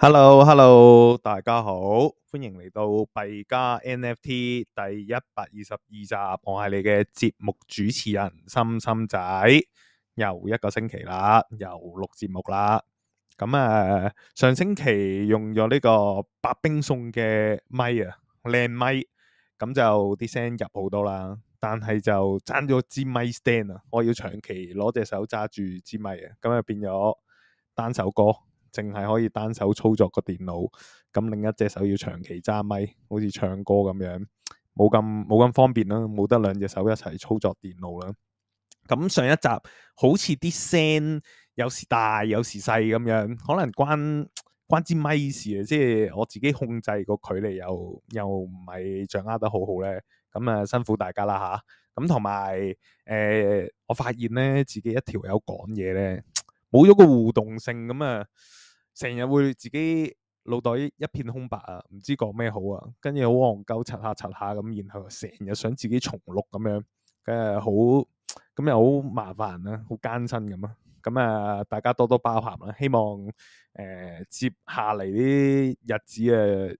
Hello，Hello，hello，大家好，歡迎嚟到幣加 NFT 第一百二十二集，我係你嘅節目主持人心心仔，又一個星期啦，又錄節目啦。咁啊，上星期用咗呢個白兵送嘅咪啊，靚咪咁就啲聲入好多啦。但係就爭咗支咪 stand 啊，我要長期攞隻手揸住支咪啊，咁啊變咗單首歌。淨係可以單手操作個電腦，咁另一隻手要長期揸咪，好似唱歌咁樣，冇咁冇咁方便啦，冇得兩隻手一齊操作電腦啦。咁上一集好似啲聲有時大有時細咁樣，可能關關支咪事啊，即係我自己控制個距離又又唔係掌握得好好咧，咁啊辛苦大家啦吓。咁同埋誒，我發現咧自己一條友講嘢咧，冇咗個互動性咁啊。成日會自己腦袋一片空白啊，唔知講咩好啊，跟住好戇鳩，刷下刷下咁，然後成日想自己重錄咁樣，誒，好咁又好麻煩啊，好艱辛咁啊，咁啊，大家多多包涵啦，希望誒、呃、接下嚟啲日子誒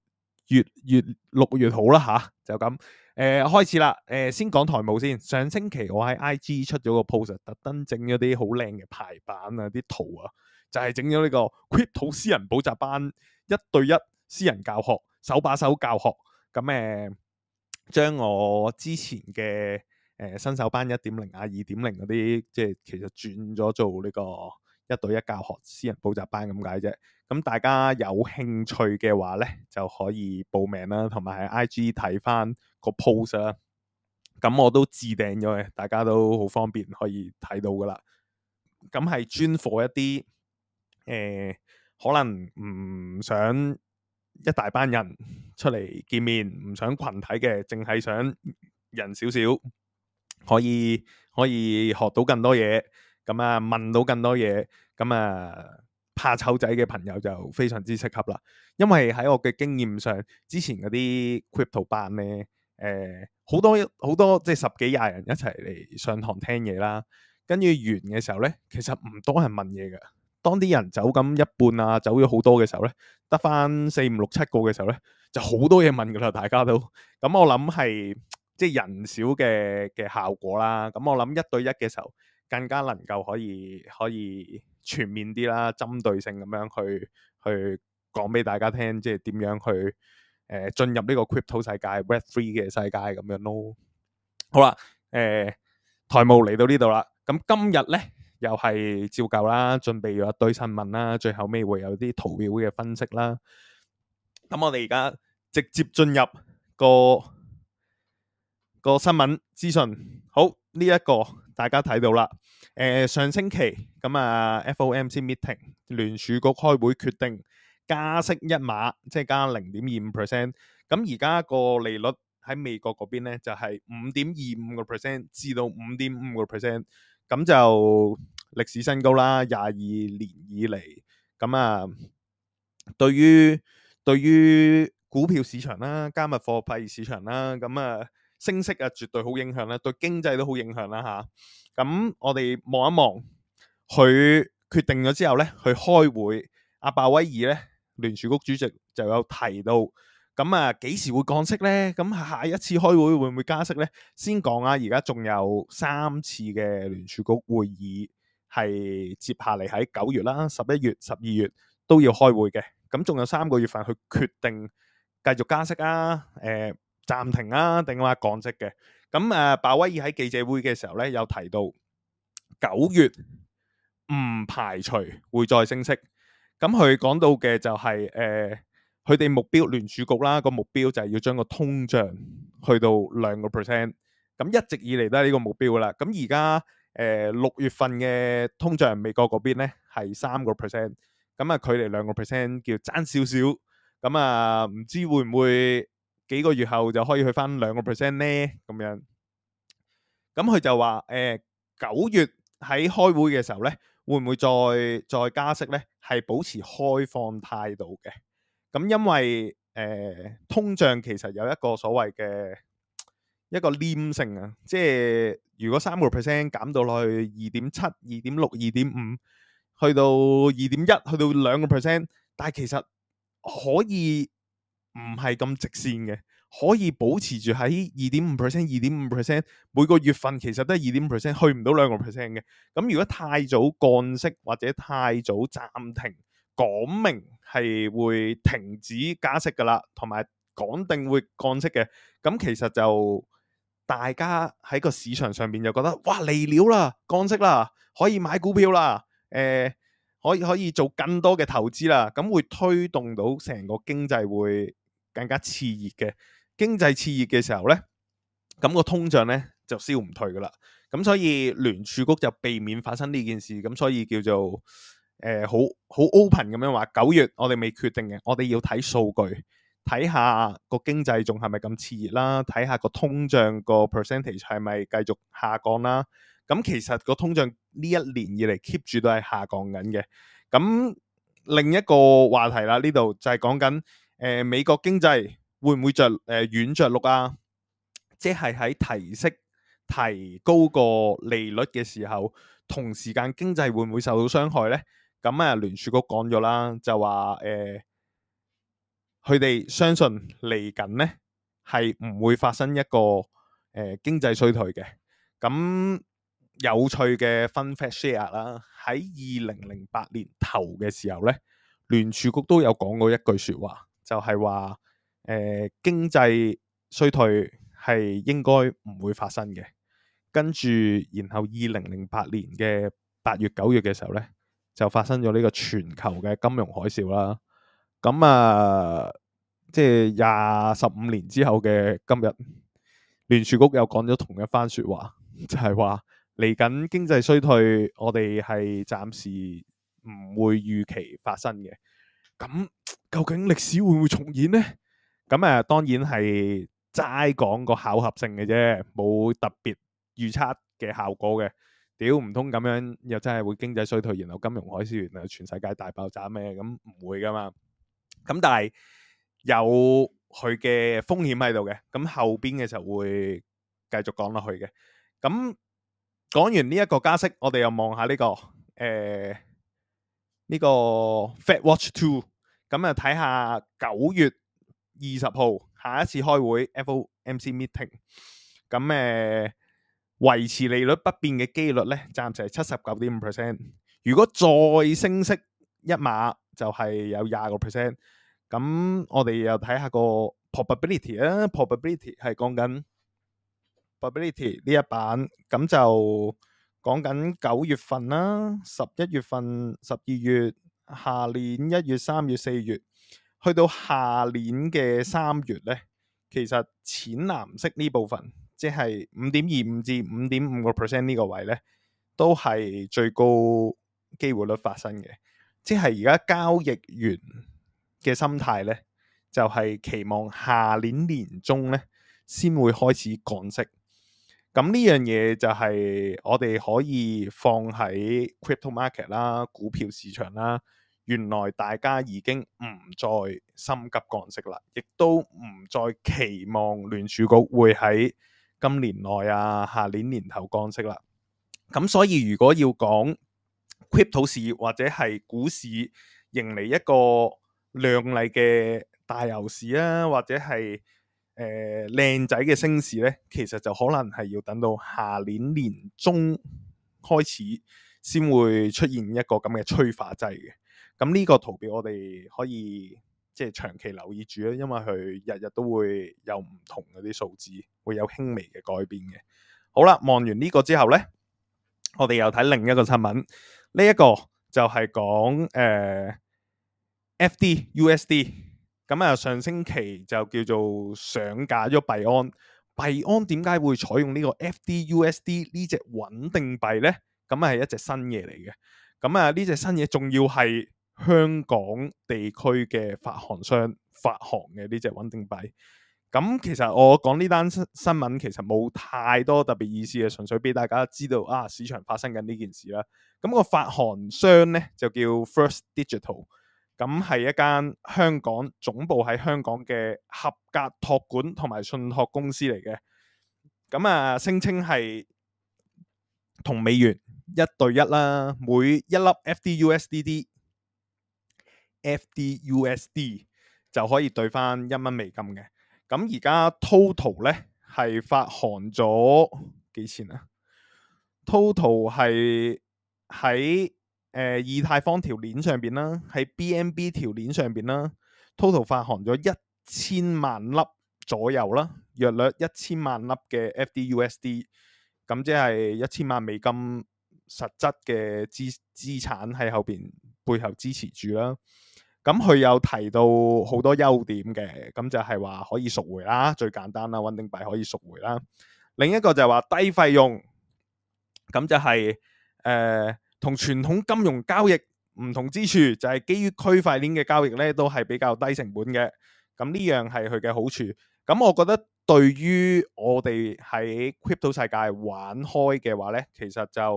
越越錄越，越好啦吓、啊，就咁誒、呃、開始啦，誒、呃、先講台務先，上星期我喺 IG 出咗個 post，特登整咗啲好靚嘅排版啊，啲圖啊。就係整咗呢個 Crypto 私人補習班，一對一私人教學，手把手教學，咁誒，將我之前嘅誒、呃、新手班一點零啊二點零嗰啲，即係其實轉咗做呢個一對一教學私人補習班咁解啫。咁大家有興趣嘅話呢，就可以報名啦，同埋喺 IG 睇翻個 post 啦。咁我都置定咗嘅，大家都好方便可以睇到噶啦。咁係專課一啲。誒、呃，可能唔想一大班人出嚟見面，唔想群體嘅，淨係想人少少，可以可以學到更多嘢，咁啊問到更多嘢，咁啊怕醜仔嘅朋友就非常之適合啦。因為喺我嘅經驗上，之前嗰啲 crypto 班咧，誒、呃、好多好多即係十幾廿人一齊嚟上堂聽嘢啦，跟住完嘅時候咧，其實唔多人問嘢㗎。當啲人走咁一半啊，走咗好多嘅時候咧，得返四五六七個嘅時候咧，就好多嘢問噶啦，大家都咁、嗯、我諗係即係人少嘅嘅效果啦。咁、嗯、我諗一對一嘅時候更加能夠可以可以全面啲啦，針對性咁樣去去講俾大家聽，即係點樣去誒進、呃、入呢個 crypto 世界 Web Three 嘅世界咁樣咯。好啦，誒、呃、台務嚟到、嗯、呢度啦，咁今日咧。又係照舊啦，準備咗一堆新聞啦，最後尾會有啲圖表嘅分析啦。咁我哋而家直接進入個個新聞資訊。好，呢、這、一個大家睇到啦。誒、呃，上星期咁啊，FOMC meeting 聯儲局開會決定加息一碼，即、就、係、是、加零點二五 percent。咁而家個利率喺美國嗰邊咧，就係五點二五個 percent 至到五點五個 percent。咁就歷史新高啦，廿二年以嚟咁啊，對於對於股票市場啦、加密貨幣市場啦，咁、嗯、啊升息啊絕對好影響啦，對經濟都好影響啦吓，咁、嗯、我哋望一望佢決定咗之後咧，去開會。阿鮑威爾咧，聯儲局主席就有提到，咁啊幾時會降息咧？咁下一次開會會唔會加息咧？先講啊，而家仲有三次嘅聯儲局會議。係接下嚟喺九月啦、十一月、十二月都要開會嘅，咁仲有三個月份去決定繼續加息啊、誒暫停啊，定話降息嘅。咁誒，鮑威爾喺記者會嘅時候咧，有提到九月唔排除會再升息。咁佢講到嘅就係誒，佢哋目標聯儲局啦，個目標就係要將個通脹去到兩個 percent。咁一直以嚟都係呢個目標啦。咁而家。誒，六、呃、月份嘅通脹，美國嗰邊咧係三個 percent，咁啊佢哋兩個 percent 叫爭少少，咁啊唔知會唔會幾個月後就可以去返兩個 percent 咧？咁樣，咁、嗯、佢、嗯、就話誒九月喺開會嘅時候咧，會唔會再再加息咧？係保持開放態度嘅，咁、嗯、因為誒、呃、通脹其實有一個所謂嘅。一個黏性啊，即係如果三個 percent 減到落去二點七、二點六、二點五，去到二點一，去到兩個 percent，但係其實可以唔係咁直線嘅，可以保持住喺二點五 percent、二點五 percent，每個月份其實都係二點五 percent，去唔到兩個 percent 嘅。咁如果太早降息或者太早暫停，講明係會停止加息噶啦，同埋講定會降息嘅，咁其實就。大家喺個市場上邊就覺得哇嚟料啦，降息啦，可以買股票啦，誒、呃，可以可以做更多嘅投資啦，咁會推動到成個經濟會更加熾熱嘅。經濟熾熱嘅時候呢，咁個通脹呢就燒唔退噶啦。咁所以聯儲局就避免發生呢件事，咁所以叫做誒好好 open 咁樣話，九月我哋未決定嘅，我哋要睇數據。睇下個經濟仲係咪咁熾熱啦，睇下個通脹個 percentage 係咪繼續下降啦？咁其實個通脹呢一年以嚟 keep 住都係下降緊嘅。咁另一個話題啦，呢度就係講緊誒美國經濟會唔會著誒軟着陸、呃、啊？即係喺提息提高個利率嘅時候，同時間經濟會唔會受到傷害呢？咁啊聯儲局講咗啦，就話誒。呃佢哋相信嚟緊呢係唔會發生一個誒、呃、經濟衰退嘅。咁有趣嘅分發 share 啦、啊。喺二零零八年頭嘅時候呢，聯儲局都有講過一句說話，就係話誒經濟衰退係應該唔會發生嘅。跟住然後二零零八年嘅八月九月嘅時候呢，就發生咗呢個全球嘅金融海嘯啦。咁啊，即係廿十五年之後嘅今日，聯儲局又講咗同一番說話，就係話嚟緊經濟衰退，我哋係暫時唔會預期發生嘅。咁究竟歷史會唔會重演呢？咁啊，當然係齋講個巧合性嘅啫，冇特別預測嘅效果嘅。屌唔通咁樣又真係會經濟衰退，然後金融海嘯，然後全世界大爆炸咩？咁唔會噶嘛？咁但係有佢嘅風險喺度嘅，咁後邊嘅就會繼續講落去嘅。咁講完呢一個加息，我哋又望下呢個誒呢、呃這個 Fed Watch Two，咁啊睇下九月二十號下一次開會 FOMC meeting，咁誒、呃、維持利率不變嘅幾率咧，暫時係七十九點五 percent。如果再升息一碼。就係有廿個 percent，咁我哋又睇下個 probability 啊，probability 係講緊 probability 呢一版，咁就講緊九月份啦，十一月份、十二月、下年一月、三月、四月，去到下年嘅三月咧，其實淺藍色呢部分，即係五點二五至五點五個 percent 呢個位咧，都係最高機會率發生嘅。即係而家交易員嘅心態呢，就係、是、期望下年年中呢先會開始降息。咁呢樣嘢就係我哋可以放喺 crypto market 啦、股票市場啦。原來大家已經唔再心急降息啦，亦都唔再期望聯儲局會喺今年內啊、下年年頭降息啦。咁所以如果要講，Crypto 市，或者係股市，迎嚟一個亮麗嘅大牛市啊，或者係誒靚仔嘅升市呢，其實就可能係要等到下年年中開始先會出現一個咁嘅催化劑嘅。咁呢個圖表我哋可以即係、就是、長期留意住啦，因為佢日日都會有唔同嗰啲數字會有輕微嘅改變嘅。好啦，望完呢個之後呢，我哋又睇另一個新聞。呢一個就係講誒，FDUSD，咁啊上星期就叫做上架咗幣安，幣安點解會採用呢個 FDUSD 呢隻穩定幣呢，咁啊係一隻新嘢嚟嘅，咁啊呢隻新嘢仲要係香港地區嘅發行商發行嘅呢隻穩定幣。咁其實我講呢單新聞其實冇太多特別意思嘅，純粹俾大家知道啊市場發生緊呢件事啦。咁個發行商呢就叫 First Digital，咁係一間香港總部喺香港嘅合格託管同埋信託公司嚟嘅。咁啊，聲稱係同美元一對一啦，每一粒 FDUSD，FDUSD 就可以兌翻一蚊美金嘅。咁而家 Total 咧係發行咗幾錢啊？Total 係喺誒以太坊條鏈上邊啦，喺 BMB 條鏈上邊啦，Total 發行咗一千萬粒左右啦，約略一千萬粒嘅 FDUSD，咁即係一千萬美金實質嘅資資產喺後邊背後支持住啦。咁佢有提到好多優點嘅，咁就係話可以贖回啦，最簡單啦，穩定幣可以贖回啦。另一個就係話低費用，咁就係誒，同傳統金融交易唔同之處，就係基於區塊鏈嘅交易呢都係比較低成本嘅。咁呢樣係佢嘅好處。咁我覺得對於我哋喺 crypto 世界玩開嘅話呢，其實就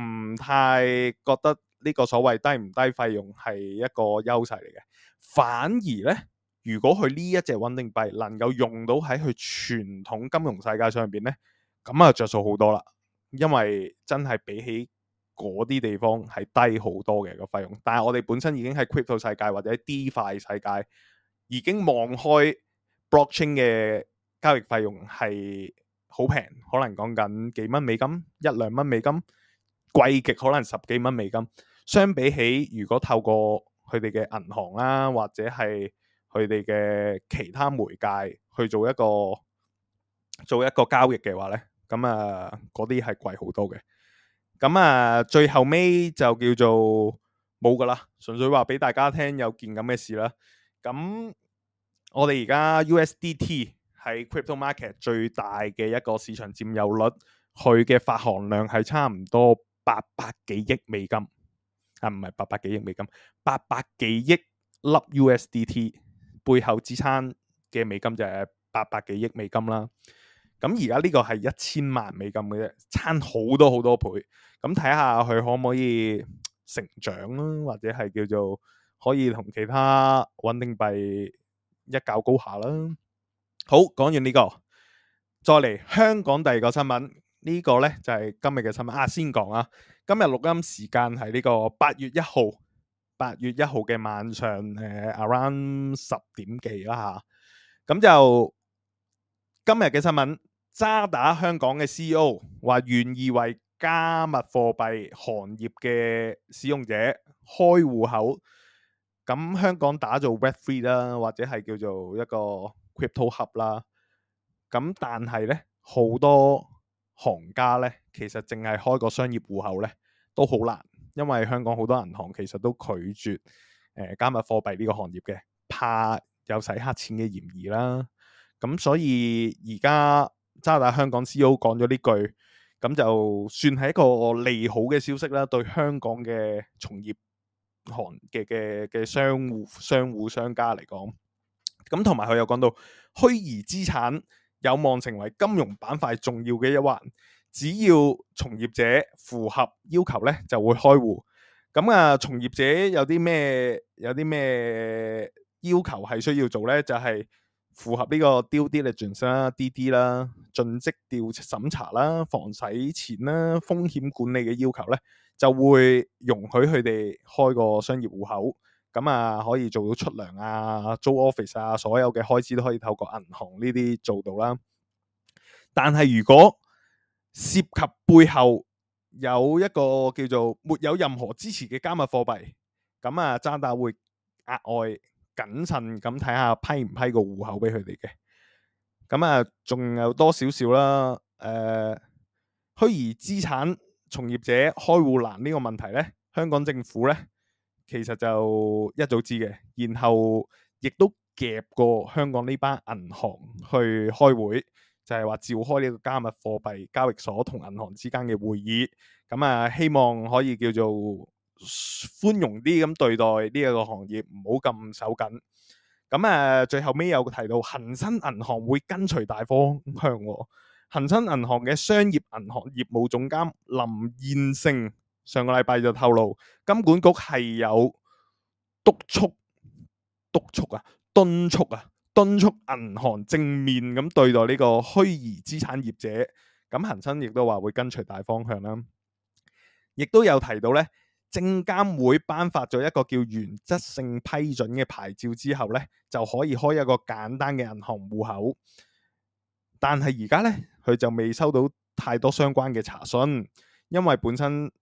唔太覺得。呢個所謂低唔低費用係一個優勢嚟嘅。反而呢，如果佢呢一隻穩定幣能夠用到喺佢傳統金融世界上邊呢，咁啊着數好多啦，因為真係比起嗰啲地方係低好多嘅個費用。但係我哋本身已經喺 crypto 世界或者 DeFi 世界已經望開 blockchain 嘅交易費用係好平，可能講緊幾蚊美金、一兩蚊美金，貴極可能十幾蚊美金。相比起，如果透過佢哋嘅銀行啦、啊，或者係佢哋嘅其他媒介去做一個做一個交易嘅話呢，咁啊嗰啲係貴好多嘅。咁啊，最後尾就叫做冇㗎喇，純粹話俾大家聽有件咁嘅事啦。咁我哋而家 USDT 係 crypto market 最大嘅一個市場佔有率，佢嘅發行量係差唔多八百幾億美金。啊，唔係八百幾億美金，八百幾億粒 USDT 背後支撐嘅美金就係八百幾億美金啦。咁而家呢個係一千萬美金嘅啫，差好多好多倍。咁睇下佢可唔可以成長啦，或者係叫做可以同其他穩定幣一較高下啦。好，講完呢個，再嚟香港第二個新聞，呢個呢就係今日嘅新聞啊，先講啊。今日錄音時間係呢個八月一號，八月一號嘅晚上，誒、uh, around 十點幾啦吓，咁就今日嘅新聞，渣打香港嘅 CEO 話願意為加密貨幣行業嘅使用者開戶口，咁香港打造 Web Three 啦，或者係叫做一個 Crypto Hub 啦，咁但係咧好多。行家咧，其實淨係開個商業戶口咧，都好難，因為香港好多銀行其實都拒絕誒、呃、加密貨幣呢個行業嘅，怕有洗黑錢嘅嫌疑啦。咁所以而家渣打香港 CEO 講咗呢句，咁就算係一個利好嘅消息啦，對香港嘅從業行嘅嘅嘅商戶商戶商家嚟講，咁同埋佢又講到虛擬資產。有望成為金融板塊重要嘅一環，只要從業者符合要求咧，就會開戶。咁、嗯、啊，從業者有啲咩有啲咩要求係需要做咧？就係、是、符合呢個 due diligence 啦、DD 啦、盡職調審查啦、防洗錢啦、風險管理嘅要求咧，就會容許佢哋開個商業戶口。咁啊，可以做到出糧啊、租 office 啊，所有嘅開支都可以透過銀行呢啲做到啦。但係如果涉及背後有一個叫做沒有任何支持嘅加密貨幣，咁啊，渣打會額外謹慎咁睇下批唔批個戶口俾佢哋嘅。咁啊，仲有多少少啦？誒、呃，虛擬資產從業者開戶難呢個問題呢，香港政府呢。其實就一早知嘅，然後亦都夾過香港呢班銀行去開會，就係話召開呢個加密貨幣交易所同銀行之間嘅會議，咁啊希望可以叫做寬容啲咁對待呢一個行業，唔好咁手緊。咁啊最後尾有提到恒生銀行會跟隨大方向，啊，恒生銀行嘅商業銀行業務總監林燕勝。上個禮拜就透露，金管局係有督促、督促啊、敦促啊、敦促銀行正面咁對待呢個虛擬資產業者。咁恒生亦都話會跟隨大方向啦。亦都有提到呢，證監會頒發咗一個叫原則性批准嘅牌照，之後呢，就可以開一個簡單嘅銀行戶口。但係而家呢，佢就未收到太多相關嘅查詢，因為本身。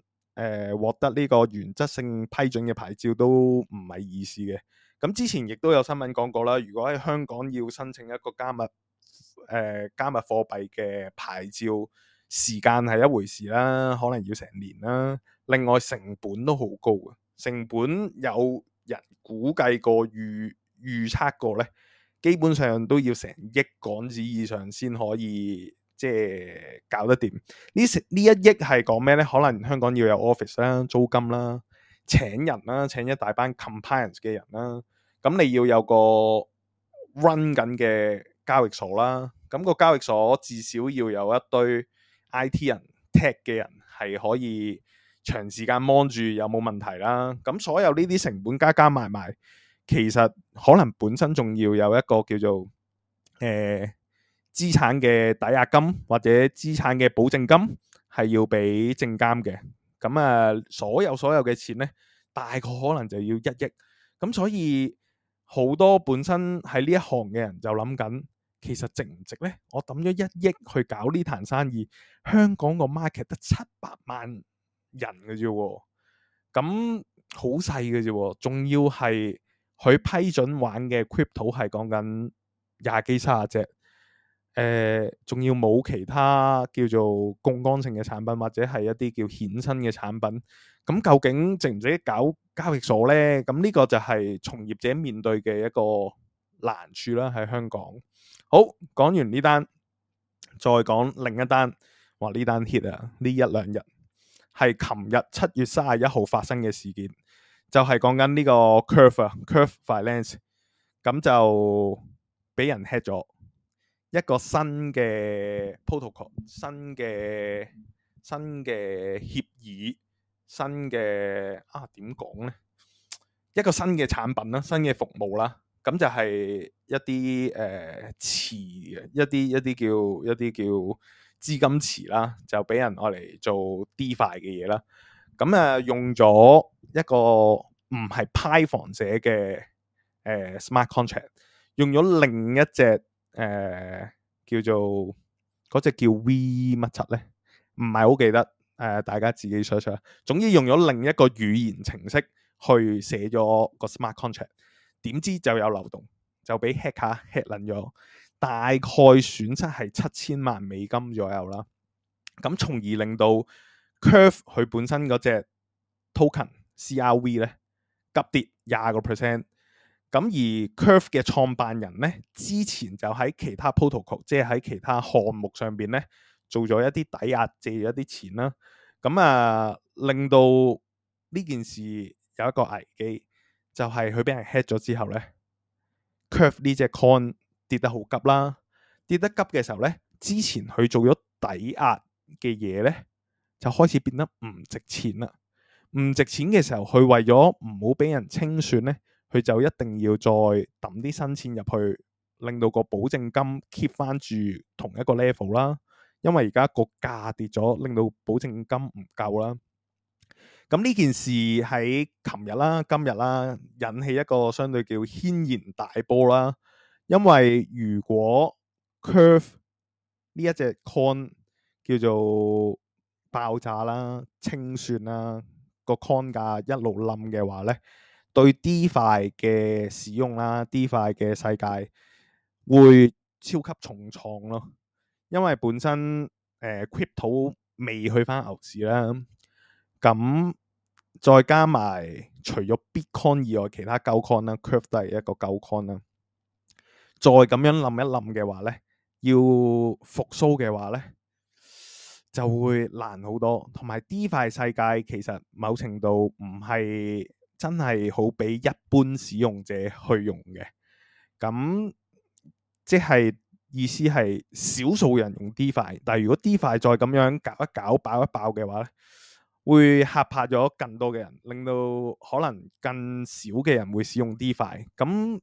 誒獲得呢個原則性批准嘅牌照都唔係易事嘅。咁之前亦都有新聞講過啦，如果喺香港要申請一個加密誒、呃、加密貨幣嘅牌照，時間係一回事啦，可能要成年啦。另外成本都好高嘅，成本有人估計過預預測過呢，基本上都要成億港紙以上先可以。即係搞得掂，呢呢一億係講咩呢？可能香港要有 office 啦、租金啦、請人啦、請一大班 compliance 嘅人啦，咁你要有個 run 緊嘅交易所啦，咁個交易所至少要有一堆 IT 人、tech 嘅人係可以長時間望住有冇問題啦。咁所有呢啲成本加加埋埋，其實可能本身仲要有一個叫做誒、呃資產嘅抵押金或者資產嘅保證金係要俾證監嘅，咁啊所有所有嘅錢呢，大概可能就要一億，咁所以好多本身喺呢一行嘅人就諗緊，其實值唔值呢？我抌咗一億去搞呢壇生意，香港個 market 得七百萬人嘅啫，咁好細嘅啫，仲要係佢批准玩嘅 crypto 係講緊廿幾卅隻。誒，仲要冇其他叫做槓桿性嘅產品，或者係一啲叫衍生嘅產品，咁、嗯、究竟值唔值得搞交易所呢？咁、嗯、呢、這個就係從業者面對嘅一個難處啦，喺香港。好，講完呢單，再講另一單，話呢單 hit 啊，呢一兩日係琴日七月三十一號發生嘅事件，就係、是、講緊呢個 curve 啊，Curve Finance，咁就俾人 hit 咗。一個新嘅 protocol，新嘅新嘅協議，新嘅啊點講咧？一個新嘅產品啦，新嘅服務啦，咁就係一啲誒池一啲一啲叫一啲叫資金池啦，就俾人攞嚟做 DeFi 嘅嘢啦。咁啊用咗一個唔係 Python 寫嘅、呃、smart contract，用咗另一隻。誒、呃，叫做嗰隻叫 V 乜柒咧，唔係好記得。誒、呃，大家自己想想。a r 總之用咗另一個語言程式去寫咗個 smart contract，點知就有漏洞，就俾 hacker hack 捻咗，大概損失係七千萬美金左右啦。咁從而令到 Curve 佢本身嗰隻 token CRV 咧急跌廿個 percent。咁而 Curve 嘅創辦人咧，之前就喺其他 protocol，即係喺其他項目上邊咧，做咗一啲抵押，借咗一啲錢啦。咁、嗯、啊，令到呢件事有一個危機，就係佢俾人 hack 咗之後咧，Curve 呢隻 Cur coin 跌得好急啦。跌得急嘅時候咧，之前佢做咗抵押嘅嘢咧，就開始變得唔值錢啦。唔值錢嘅時候，佢為咗唔好俾人清算咧。佢就一定要再揼啲新錢入去，令到個保證金 keep 翻住同一個 level 啦。因為而家個價跌咗，令到保證金唔夠啦。咁、嗯、呢件事喺琴日啦、今日啦，引起一個相對叫軒然大波啦。因為如果 curve 呢一隻 coin 叫做爆炸啦、清算啦，個 coin 價一路冧嘅話呢。對 DeFi 嘅使用啦，DeFi 嘅世界會超級重創咯，因為本身誒 Crypto 未去翻牛市啦，咁、嗯、再加埋除咗 Bitcoin 以外其他舊 Coin 啦，Curve 都係一個舊 Coin 啦，再咁樣諗一諗嘅話咧，要復甦嘅話咧，就會難好多，同埋 DeFi 世界其實某程度唔係。真係好俾一般使用者去用嘅，咁即係意思係少數人用 D 快，但係如果 D 快再咁樣搞一搞爆一爆嘅話，會嚇怕咗更多嘅人，令到可能更少嘅人會使用 D 快，咁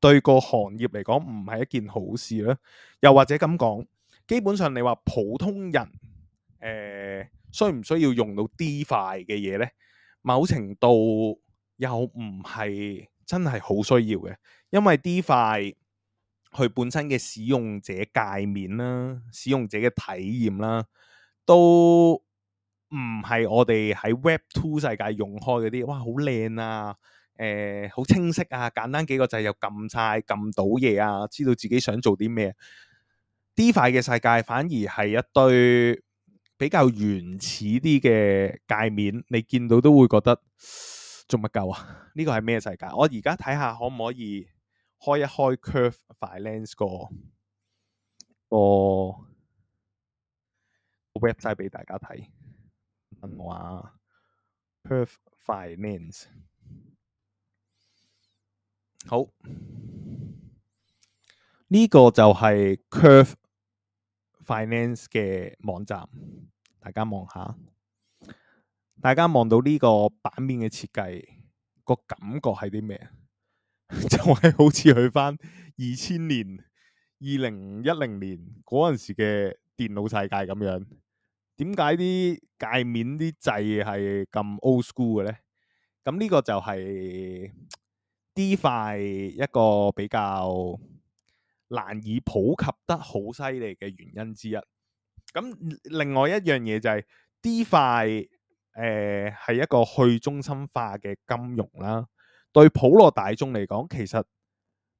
對個行業嚟講唔係一件好事啦。又或者咁講，基本上你話普通人誒、呃、需唔需要用到 D 快嘅嘢呢？某程度又唔係真係好需要嘅，因為 D 塊佢本身嘅使用者界面啦、使用者嘅體驗啦，都唔係我哋喺 Web Two 世界用開嗰啲，哇，好靚啊，誒、呃，好清晰啊，簡單幾個掣又撳晒撳到嘢啊，知道自己想做啲咩。D 塊嘅世界反而係一堆。比較原始啲嘅界面，你見到都會覺得做乜夠啊？呢個係咩世界？我而家睇下可唔可以開一開 Curve Finance 個個 Website 俾大家睇。哇，Curve Finance 好，呢個就係 Curve Finance 嘅網站，大家望下，大家望到呢個版面嘅設計，個感覺係啲咩？ 就係好似去翻二千年、二零一零年嗰陣時嘅電腦世界咁樣。點解啲介面啲掣係咁 old school 嘅呢？咁呢個就係 DeFi 一個比較難以普及得好犀利嘅原因之一，咁另外一樣嘢就係 d 塊誒係一個去中心化嘅金融啦。對普羅大眾嚟講，其實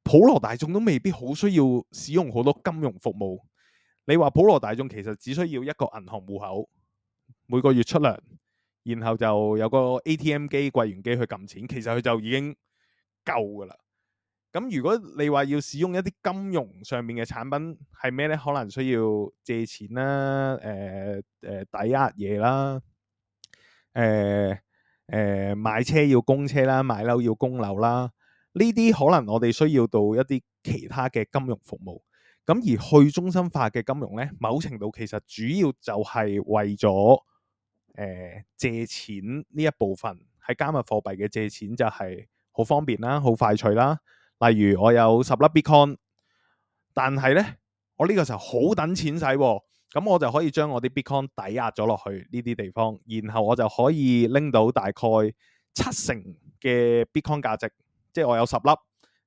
普羅大眾都未必好需要使用好多金融服務。你話普羅大眾其實只需要一個銀行戶口，每個月出糧，然後就有個 ATM 機櫃員機去撳錢，其實佢就已經夠噶啦。咁如果你話要使用一啲金融上面嘅產品係咩咧？可能需要借錢啦，誒、呃、誒、呃、抵押嘢啦，誒、呃、誒、呃、買車要供車啦，買樓要供樓啦。呢啲可能我哋需要到一啲其他嘅金融服務。咁而去中心化嘅金融咧，某程度其實主要就係為咗誒、呃、借錢呢一部分，喺加密貨幣嘅借錢就係好方便啦，好快脆啦。例如我有十粒 bitcoin，但係咧，我呢個時候好等錢使、啊，咁我就可以將我啲 bitcoin 抵押咗落去呢啲地方，然後我就可以拎到大概七成嘅 bitcoin 價值，即係我有十粒，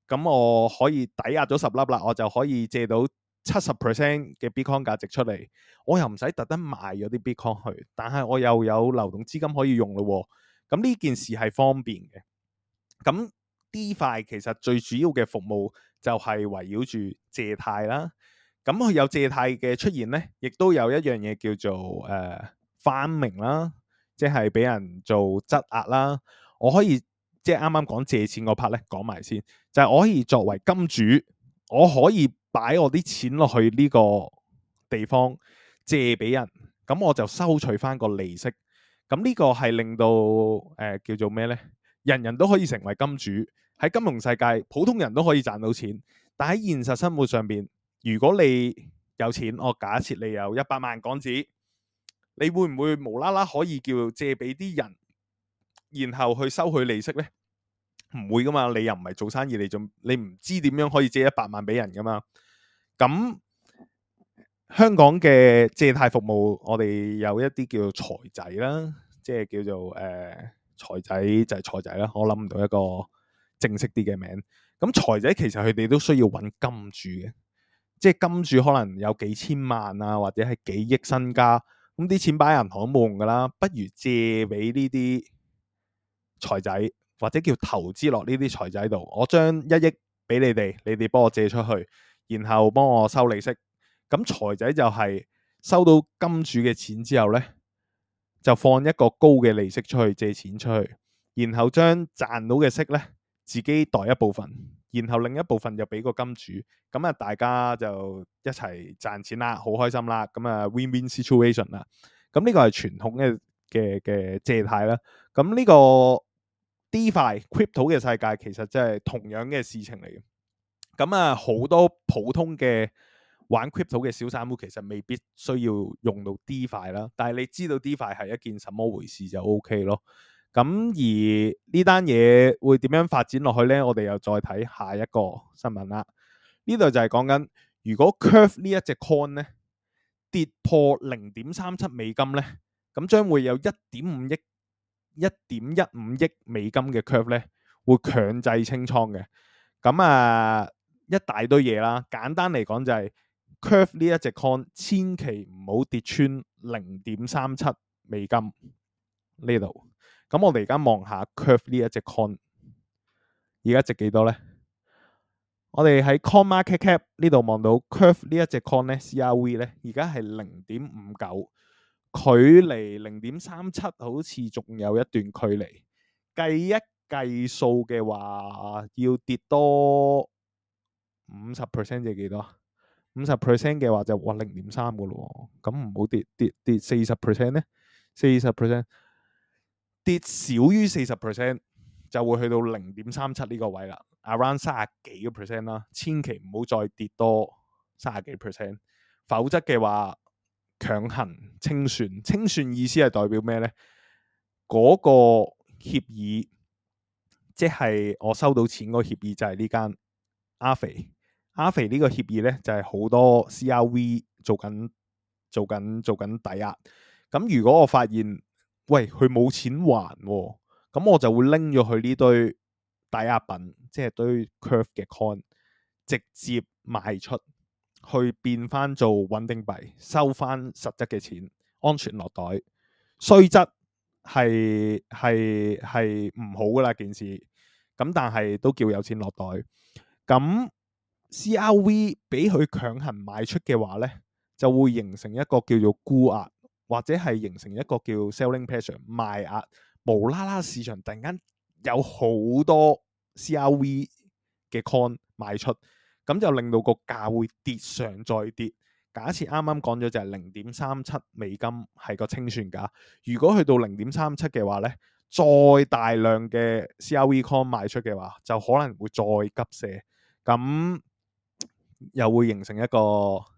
咁我可以抵押咗十粒啦，我就可以借到七十 percent 嘅 bitcoin 價值出嚟，我又唔使特登賣咗啲 bitcoin 去，但係我又有流動資金可以用咯、啊，咁呢件事係方便嘅，咁。DeFi 其實最主要嘅服務就係圍繞住借貸啦。咁佢有借貸嘅出現呢，亦都有一樣嘢叫做誒呃、farming 啦，即係俾人做質押啦。我可以即係啱啱講借錢嗰 part 咧講埋先，就係、是、我可以作為金主，我可以擺我啲錢落去呢個地方借俾人，咁我就收取翻個利息。咁呢個係令到誒、呃、叫做咩呢？人人都可以成為金主。喺金融世界，普通人都可以賺到錢，但喺現實生活上邊，如果你有錢，我假設你有一百萬港紙，你會唔會無啦啦可以叫借俾啲人，然後去收取利息咧？唔會噶嘛，你又唔係做生意，你仲，你唔知點樣可以借一百萬俾人噶嘛。咁香港嘅借貸服務，我哋有一啲叫做財仔啦，即係叫做誒、呃、財仔就係財仔啦。我諗唔到一個。正式啲嘅名，咁財仔其實佢哋都需要揾金主嘅，即係金主可能有幾千萬啊，或者係幾億身家。咁啲錢擺喺銀行冇用噶啦，不如借俾呢啲財仔，或者叫投資落呢啲財仔度。我將一億俾你哋，你哋幫我借出去，然後幫我收利息。咁財仔就係收到金主嘅錢之後咧，就放一個高嘅利息出去借錢出去，然後將賺到嘅息咧，自己袋一部分，然後另一部分就俾個金主，咁啊大家就一齊賺錢啦，好開心啦，咁啊 win win situation 啦。咁呢個係傳統嘅嘅嘅借貸啦。咁呢個 DeFi Crypto 嘅世界其實即係同樣嘅事情嚟嘅。咁啊好多普通嘅玩 Crypto 嘅小散戶其實未必需要用到 DeFi 啦，但係你知道 DeFi 係一件什麼回事就 OK 咯。咁而呢單嘢會點樣發展落去呢？我哋又再睇下一個新聞啦。呢度就係講緊，如果 curve 呢一隻 coin 咧跌破零點三七美金咧，咁將會有一點五億、一點一五億美金嘅 curve 咧會強制清倉嘅。咁啊，一大堆嘢啦。簡單嚟講就係 curve 呢一隻 coin 千祈唔好跌穿零點三七美金呢度。咁我哋而家望下 Curve 呢一隻 Coin 而家值幾多咧？我哋喺 Coin Market Cap 呢度望到 Curve 呢一隻 Coin 咧，CRV 咧，而家係零點五九，距離零點三七好似仲有一段距離。計一計數嘅話，要跌多五十 percent 就幾多？五十 percent 嘅話就哇零點三個咯喎。咁唔好跌跌跌四十 percent 咧，四十 percent。跌少於四十 percent 就會去到零點三七呢個位啦，around 三十幾個 percent 啦，千祈唔好再跌多三十幾 percent，否則嘅話強行清算，清算意思係代表咩咧？嗰個協議，即係我收到錢嗰個協議，就係呢間阿肥，阿肥呢個協議咧就係好多 CRV 做緊做緊做緊抵押，咁如果我發現。喂，佢冇錢還喎，咁我就會拎咗佢呢堆抵押品，即係堆 Curve 嘅 coin，直接賣出去變翻做穩定幣，收翻實質嘅錢，安全落袋。雖則係係係唔好㗎喇件事，咁但係都叫有錢落袋。咁 CRV 俾佢強行賣出嘅話呢，就會形成一個叫做沽壓。或者係形成一個叫 selling pressure 賣壓，無啦啦市場突然間有好多 CRV 嘅 con 賣出，咁就令到個價會跌上再跌。假設啱啱講咗就係零點三七美金係個清算價，如果去到零點三七嘅話呢，再大量嘅 CRV con 賣出嘅話，就可能會再急瀉，咁又會形成一個。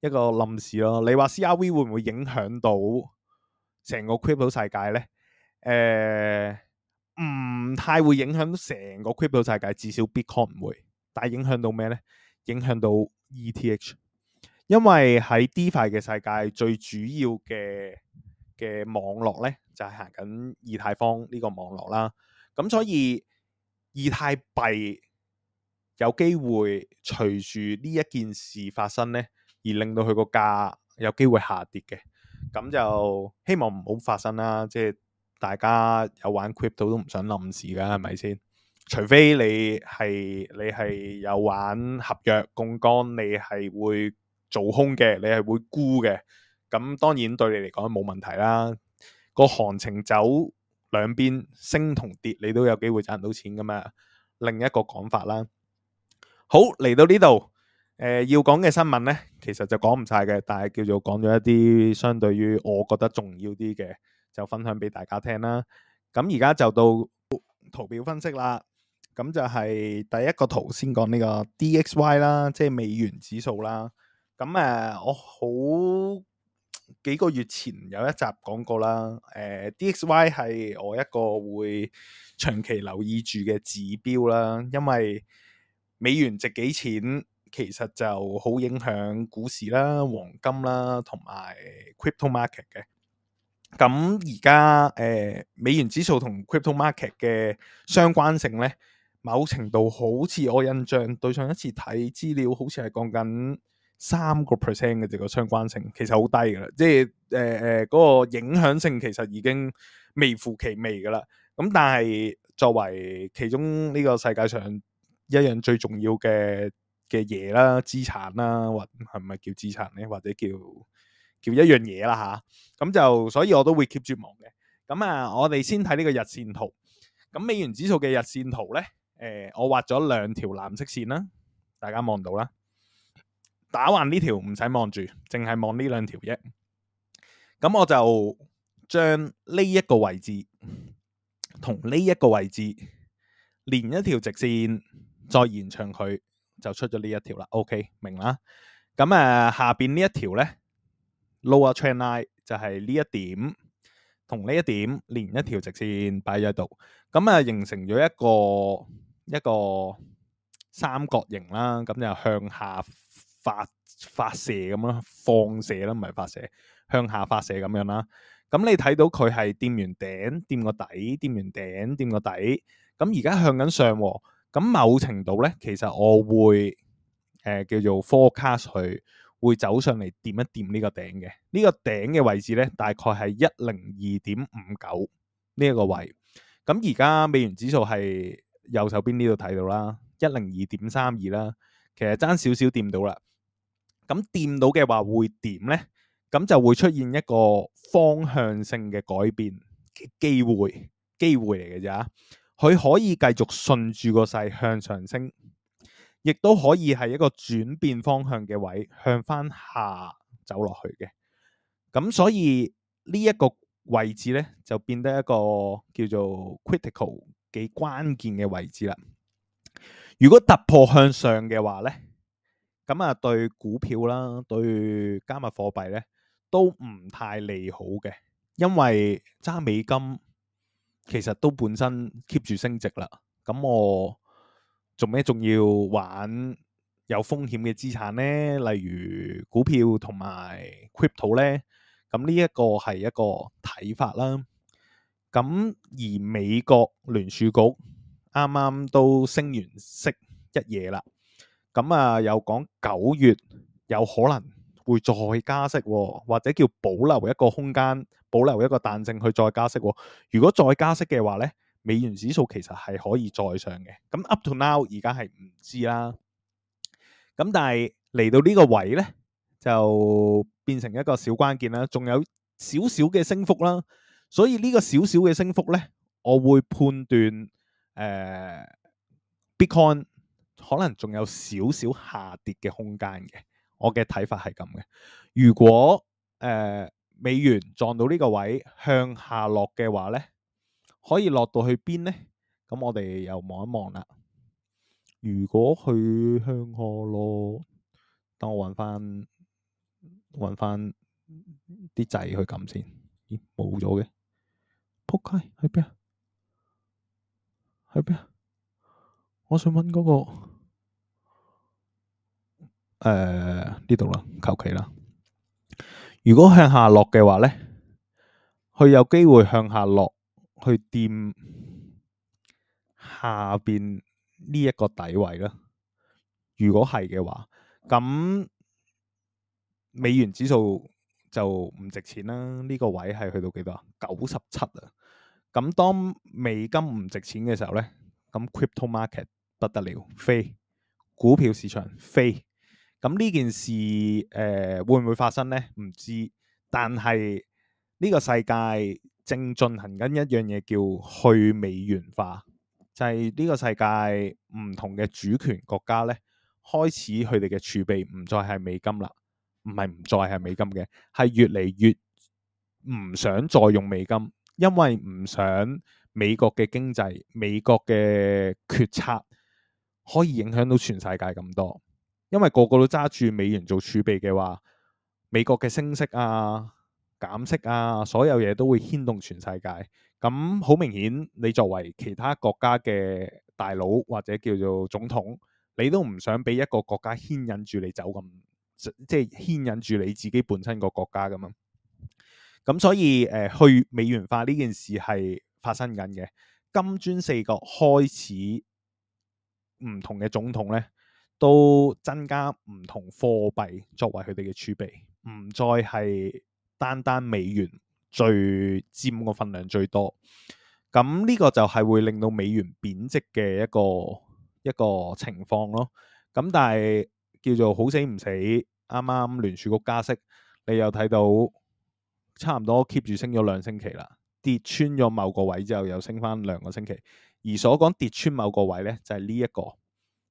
一個臨時咯，你話 CRV 會唔會影響到成個 crypto 世界呢？誒、呃，唔太會影響到成個 crypto 世界，至少 Bitcoin 唔會，但係影響到咩呢？影響到 ETH，因為喺 DeFi 嘅世界最主要嘅嘅網絡呢就係行緊以太坊呢個網絡啦。咁所以以太幣有機會隨住呢一件事發生呢。而令到佢個價有機會下跌嘅，咁就希望唔好發生啦。即係大家有玩 crypto 都唔想冧市噶係咪先？除非你係你係有玩合約槓桿，你係會做空嘅，你係會沽嘅。咁當然對你嚟講冇問題啦。個行情走兩邊升同跌，你都有機會賺到錢噶嘛。另一個講法啦。好，嚟到呢度。誒、呃，要講嘅新聞呢，其實就講唔晒嘅，但係叫做講咗一啲相對於我覺得重要啲嘅，就分享俾大家聽啦。咁而家就到圖表分析啦。咁、嗯、就係、是、第一個圖先講呢個 DXY 啦，即係美元指數啦。咁、嗯、誒，我好幾個月前有一集講過啦。誒、呃、DXY 係我一個會長期留意住嘅指標啦，因為美元值幾錢，其實就好影響股市啦、黃金啦，同埋 crypto market 嘅。咁而家誒，美元指數同 crypto market 嘅相關性呢，某程度好似我印象對上一次睇資料，好似係講緊三個 percent 嘅個相關性，其實好低噶啦。即係誒誒，嗰個影響性其實已經微乎其微噶啦。咁但係作為其中呢個世界上一樣最重要嘅。嘅嘢啦，資產啦，或係唔係叫資產咧？或者叫叫一樣嘢啦嚇。咁就所以我都會 keep 住望嘅。咁啊，我哋先睇呢個日線圖。咁美元指數嘅日線圖呢，誒、呃，我畫咗兩條藍色線啦，大家望到啦。打橫呢條唔使望住，淨係望呢兩條啫。咁我就將呢一個位置同呢一個位置連一條直線，再延長佢。就出咗呢一條啦，OK，明啦。咁、嗯、誒，下邊呢一條咧，lower trend line 就係呢一點同呢一點連一條直線擺咗喺度，咁、嗯、啊、嗯、形成咗一個一個三角形啦。咁、嗯、就、嗯、向下發發射咁咯，放射啦，唔係發射，向下發射咁樣啦。咁、嗯嗯、你睇到佢係掂完頂，掂個底，掂完頂，掂個底。咁而家向緊上喎、喔。咁某程度咧，其實我會誒叫做 forecast 佢，會走上嚟掂一掂呢個頂嘅。呢個頂嘅位置咧，大概係一零二點五九呢一個位。咁而家美元指數係右手邊呢度睇到啦，一零二點三二啦，其實爭少少掂到啦。咁掂到嘅話，會點咧？咁就會出現一個方向性嘅改變嘅機會，機會嚟嘅咋。佢可以繼續順住個勢向上升，亦都可以係一個轉變方向嘅位，向翻下走落去嘅。咁所以呢一個位置咧，就變得一個叫做 critical 幾關鍵嘅位置啦。如果突破向上嘅話咧，咁啊對股票啦，對加密貨幣咧都唔太利好嘅，因為揸美金。其實都本身 keep 住升值啦，咁我做咩仲要玩有風險嘅資產呢？例如股票同埋 crypto 呢，咁呢一個係一個睇法啦。咁而美國聯儲局啱啱都升完息一夜啦，咁啊又講九月有可能會再加息喎，或者叫保留一個空間。保留一個彈性去再加息、哦。如果再加息嘅話咧，美元指數其實係可以再上嘅。咁 up to now 而家係唔知啦。咁但係嚟到呢個位咧，就變成一個小關鍵啦。仲有少少嘅升幅啦。所以呢個少少嘅升幅咧，我會判斷誒、呃、Bitcoin 可能仲有少少下跌嘅空間嘅。我嘅睇法係咁嘅。如果誒，呃美元撞到呢個位向下落嘅話咧，可以落到去邊咧？咁我哋又望一望啦。如果去向下落，等我搵翻搵翻啲掣去撳先。咦，冇咗嘅。扑街喺邊啊？喺邊啊？我想問嗰、嗰個誒呢度啦，求其啦。如果向下落嘅話咧，佢有機會向下落去掂下邊呢一個底位啦。如果係嘅話，咁美元指數就唔值錢啦。呢個位係去到幾多啊？九十七啊。咁當美金唔值錢嘅時候咧，咁 crypto market 不得了，飛股票市場飛。咁呢件事，誒、呃、會唔會發生呢？唔知，但係呢、這個世界正進行緊一樣嘢，叫去美元化，就係、是、呢個世界唔同嘅主權國家咧，開始佢哋嘅儲備唔再係美金啦，唔係唔再係美金嘅，係越嚟越唔想再用美金，因為唔想美國嘅經濟、美國嘅決策可以影響到全世界咁多。因為個個都揸住美元做儲備嘅話，美國嘅升息啊、減息啊，所有嘢都會牽動全世界。咁好明顯，你作為其他國家嘅大佬或者叫做總統，你都唔想俾一個國家牽引住你走咁，即係牽引住你自己本身個國家㗎嘛。咁所以誒、呃，去美元化呢件事係發生緊嘅。金磚四國開始唔同嘅總統呢，都增加唔同貨幣作為佢哋嘅儲備，唔再係單單美元最佔個份量最多。咁呢個就係會令到美元貶值嘅一個一個情況咯。咁但係叫做好死唔死，啱啱聯儲局加息，你又睇到差唔多 keep 住升咗兩星期啦，跌穿咗某個位之後又升返兩個星期。而所講跌穿某個位呢，就係呢一個。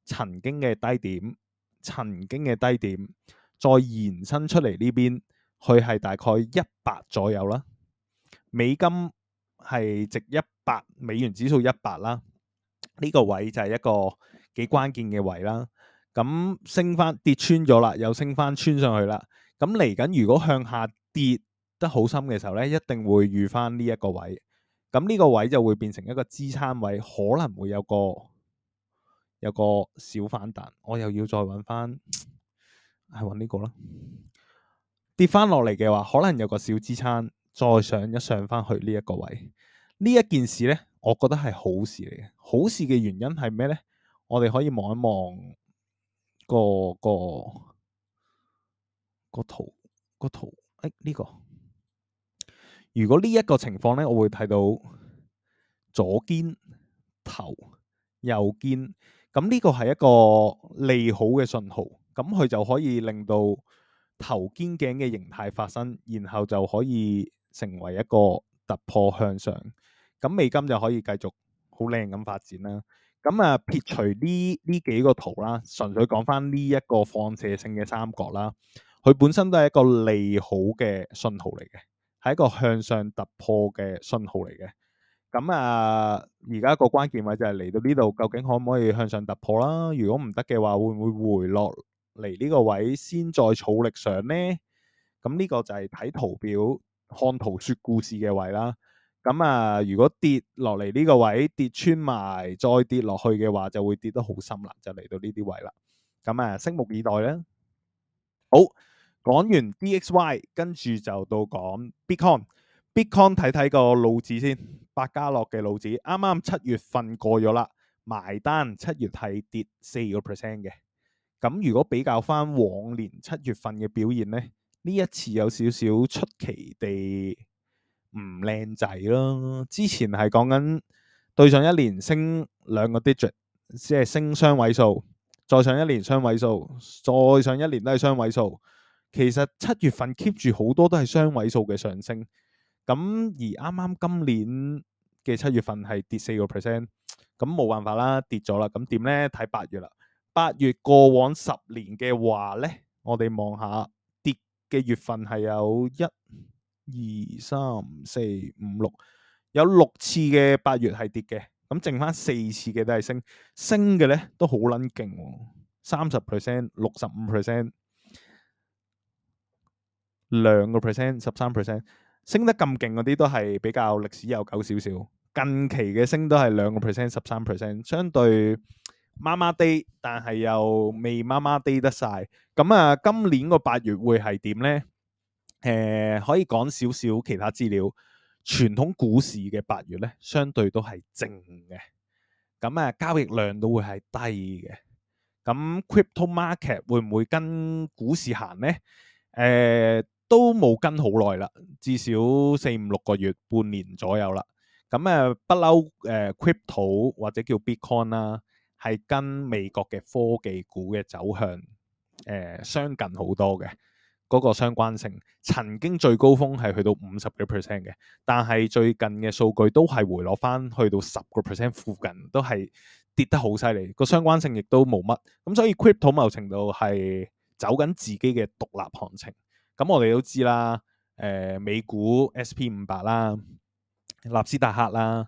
曾經嘅低點，曾經嘅低點，再延伸出嚟呢邊，佢係大概一百左右啦。美金係值一百，美元指數一百啦，呢、這個位就係一個幾關鍵嘅位啦。咁、嗯、升翻跌穿咗啦，又升翻穿上去啦。咁嚟緊如果向下跌得好深嘅時候呢，一定會遇翻呢一個位。咁、嗯、呢、這個位就會變成一個支撐位，可能會有個。有個小反彈，我又要再揾翻，係揾呢個啦。跌翻落嚟嘅話，可能有個小支撐，再上一上翻去呢一個位。呢一件事咧，我覺得係好事嚟嘅。好事嘅原因係咩咧？我哋可以望一望個個個圖，個圖誒呢、哎這個。如果呢一個情況咧，我會睇到左肩、頭、右肩。咁呢個係一個利好嘅信號，咁佢就可以令到頭肩頸嘅形態發生，然後就可以成為一個突破向上，咁、嗯、美金就可以繼續好靚咁發展啦。咁、嗯、啊，撇除呢呢幾個圖啦，純粹講返呢一個放射性嘅三角啦，佢本身都係一個利好嘅信號嚟嘅，係一個向上突破嘅信號嚟嘅。咁啊，而家個關鍵位就係嚟到呢度，究竟可唔可以向上突破啦？如果唔得嘅話，會唔會回落嚟呢個位先再儲力上呢？咁呢個就係睇圖表、看圖說故事嘅位啦。咁啊，如果跌落嚟呢個位跌穿埋，再跌落去嘅話，就會跌得好深啦，就嚟到呢啲位啦。咁啊，拭目以待啦。好，講完 DXY，跟住就到講 Bitcoin。Bitcoin 睇睇個路子先，百家樂嘅路子啱啱七月份過咗啦，埋單七月係跌四個 percent 嘅。咁如果比較翻往年七月份嘅表現呢，呢一次有少少出奇地唔靚仔咯。之前係講緊對上一年升兩個 digit，即係升雙位數，再上一年雙位數，再上一年都係雙位數。其實七月份 keep 住好多都係雙位數嘅上升。咁而啱啱今年嘅七月份係跌四個 percent，咁冇辦法啦，跌咗啦。咁點呢？睇八月啦。八月過往十年嘅話呢，我哋望下跌嘅月份係有一二三四五六，有六次嘅八月係跌嘅，咁剩返四次嘅都係升，升嘅呢都好撚勁，三十 percent、六十五 percent、兩個 percent、十三 percent。升得咁勁嗰啲都係比較歷史悠久少少，近期嘅升都係兩個 percent、十三 percent，相對麻麻地，但係又未麻麻地得晒。咁、嗯、啊，今年個八月會係點呢？誒、呃，可以講少少其他資料。傳統股市嘅八月呢，相對都係靜嘅，咁、嗯、啊，交易量都會係低嘅。咁、嗯、Crypto Market 會唔會跟股市行呢？誒、嗯？都冇跟好耐啦，至少四五六個月、半年左右啦。咁誒，不、呃、嬲誒、呃、，Crypto 或者叫 Bitcoin 啦，係跟美國嘅科技股嘅走向誒、呃、相近好多嘅嗰、嗰個相關性。曾經最高峰係去到五十幾 percent 嘅，但係最近嘅數據都係回落返去到十個 percent 附近，都係跌得好犀利。嗰個相關性亦都冇乜，咁所以 Crypto 某程度係走緊自己嘅獨立行情。咁、嗯、我哋都知啦，誒、呃、美股 S P 五百啦、納斯達克啦，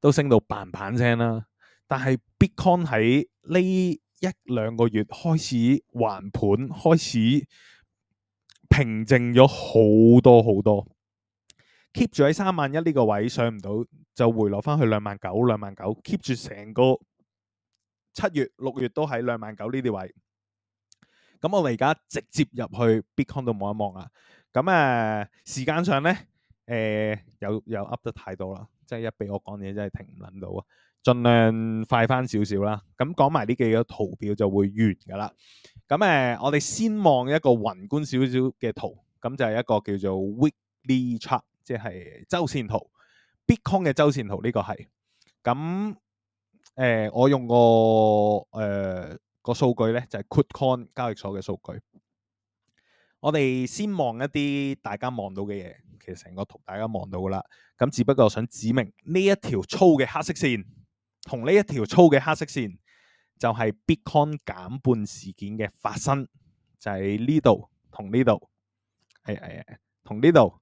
都升到棒棒聲啦。但係 Bitcoin 喺呢一兩個月開始橫盤，開始平靜咗好多好多。keep 住喺三萬一呢個位上唔到，就回落返去兩萬九、兩萬九。keep 住成個七月、六月都喺兩萬九呢啲位。咁我哋而家直接入去 Bitcoin 度望一望啦！咁誒時間上咧誒、呃、有有 up 得太多啦，即係一俾我講嘢真係停唔撚到啊！儘量快翻少少啦，咁講埋呢幾個圖表就會完噶啦。咁誒、啊、我哋先望一個宏觀少少嘅圖，咁就係一個叫做 Weekly Chart，即係周線圖 Bitcoin 嘅周線圖呢個係。咁誒、呃、我用個誒。呃個數據咧就係 Quotcon 交易所嘅數據，我哋先望一啲大家望到嘅嘢，其實成個圖大家望到噶啦，咁只不過想指明呢一條粗嘅黑色線同呢一條粗嘅黑色線就係、是、Bitcoin 減半事件嘅發生，就喺呢度同呢度，係係啊，同呢度。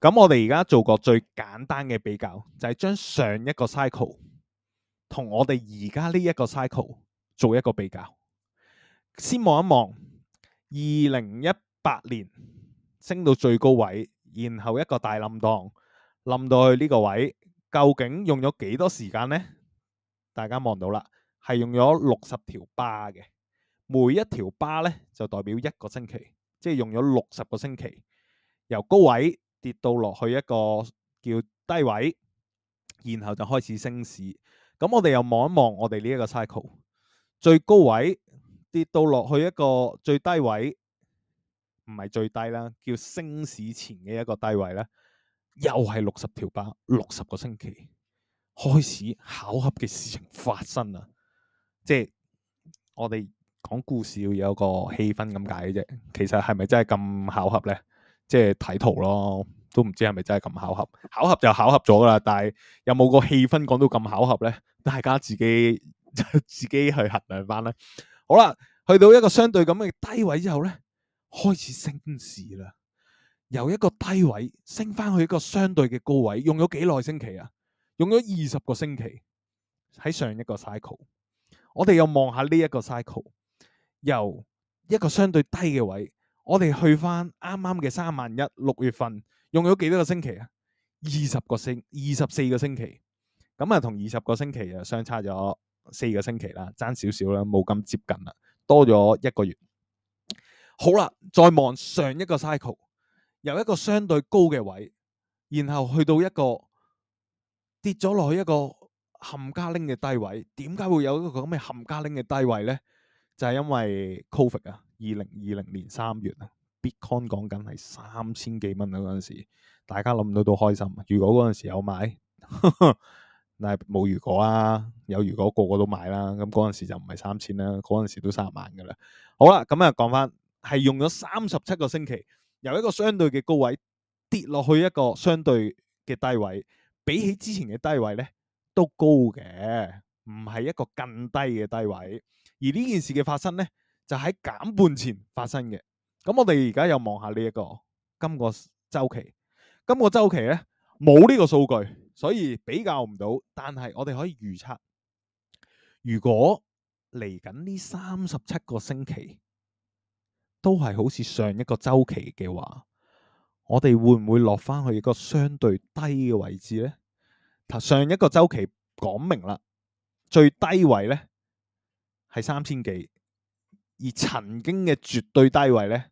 咁我哋而家做個最簡單嘅比較，就係、是、將上一個 cycle 同我哋而家呢一個 cycle。做一個比較，先望一望二零一八年升到最高位，然後一個大冧檔，冧到去呢個位，究竟用咗幾多時間呢？大家望到啦，係用咗六十條巴嘅，每一條巴呢，就代表一個星期，即係用咗六十個星期，由高位跌到落去一個叫低位，然後就開始升市。咁我哋又望一望我哋呢一個 cycle。最高位跌到落去一個最低位，唔係最低啦，叫升市前嘅一個低位啦，又係六十條板，六十個星期開始，巧合嘅事情發生啦！即係我哋講故事要有個氣氛咁解啫，其實係咪真係咁巧合咧？即係睇圖咯，都唔知係咪真係咁巧合，巧合就巧合咗㗎啦。但係有冇個氣氛講到咁巧合咧？大家自己就自己去衡量翻啦。好啦，去到一個相對咁嘅低位之後呢，開始升市啦。由一個低位升翻去一個相對嘅高位，用咗幾耐星期啊？用咗二十個星期喺上一個 cycle。我哋又望下呢一個 cycle，由一個相對低嘅位，我哋去翻啱啱嘅三萬一六月份，用咗幾多個星期啊？二十個星，二十四個星期，咁啊同二十個星期啊相差咗四個星期啦，爭少少啦，冇咁接近啦，多咗一個月。好啦，再望上一個 cycle，由一個相對高嘅位，然後去到一個跌咗落去一個冚家拎嘅低位，點解會有一個咁嘅冚家拎嘅低位咧？就係、是、因為 Covid 啊，二零二零年三月啊，Bitcoin 講緊係三千幾蚊嗰陣時，大家諗到都開心。如果嗰陣時有買。 但係冇如果啊，有如果個個都買啦，咁嗰陣時就唔係三千啦，嗰陣時都三十萬噶啦。好啦，咁啊講翻，係用咗三十七個星期，由一個相對嘅高位跌落去一個相對嘅低位，比起之前嘅低位咧，都高嘅，唔係一個更低嘅低位。而呢件事嘅發生咧，就喺減半前發生嘅。咁我哋而家又望下呢一個今個週期，今個週期咧冇呢個數據。所以比較唔到，但係我哋可以預測，如果嚟緊呢三十七個星期都係好似上一個周期嘅話，我哋會唔會落翻去一個相對低嘅位置呢？上一個周期講明啦，最低位呢係三千幾，而曾經嘅絕對低位呢，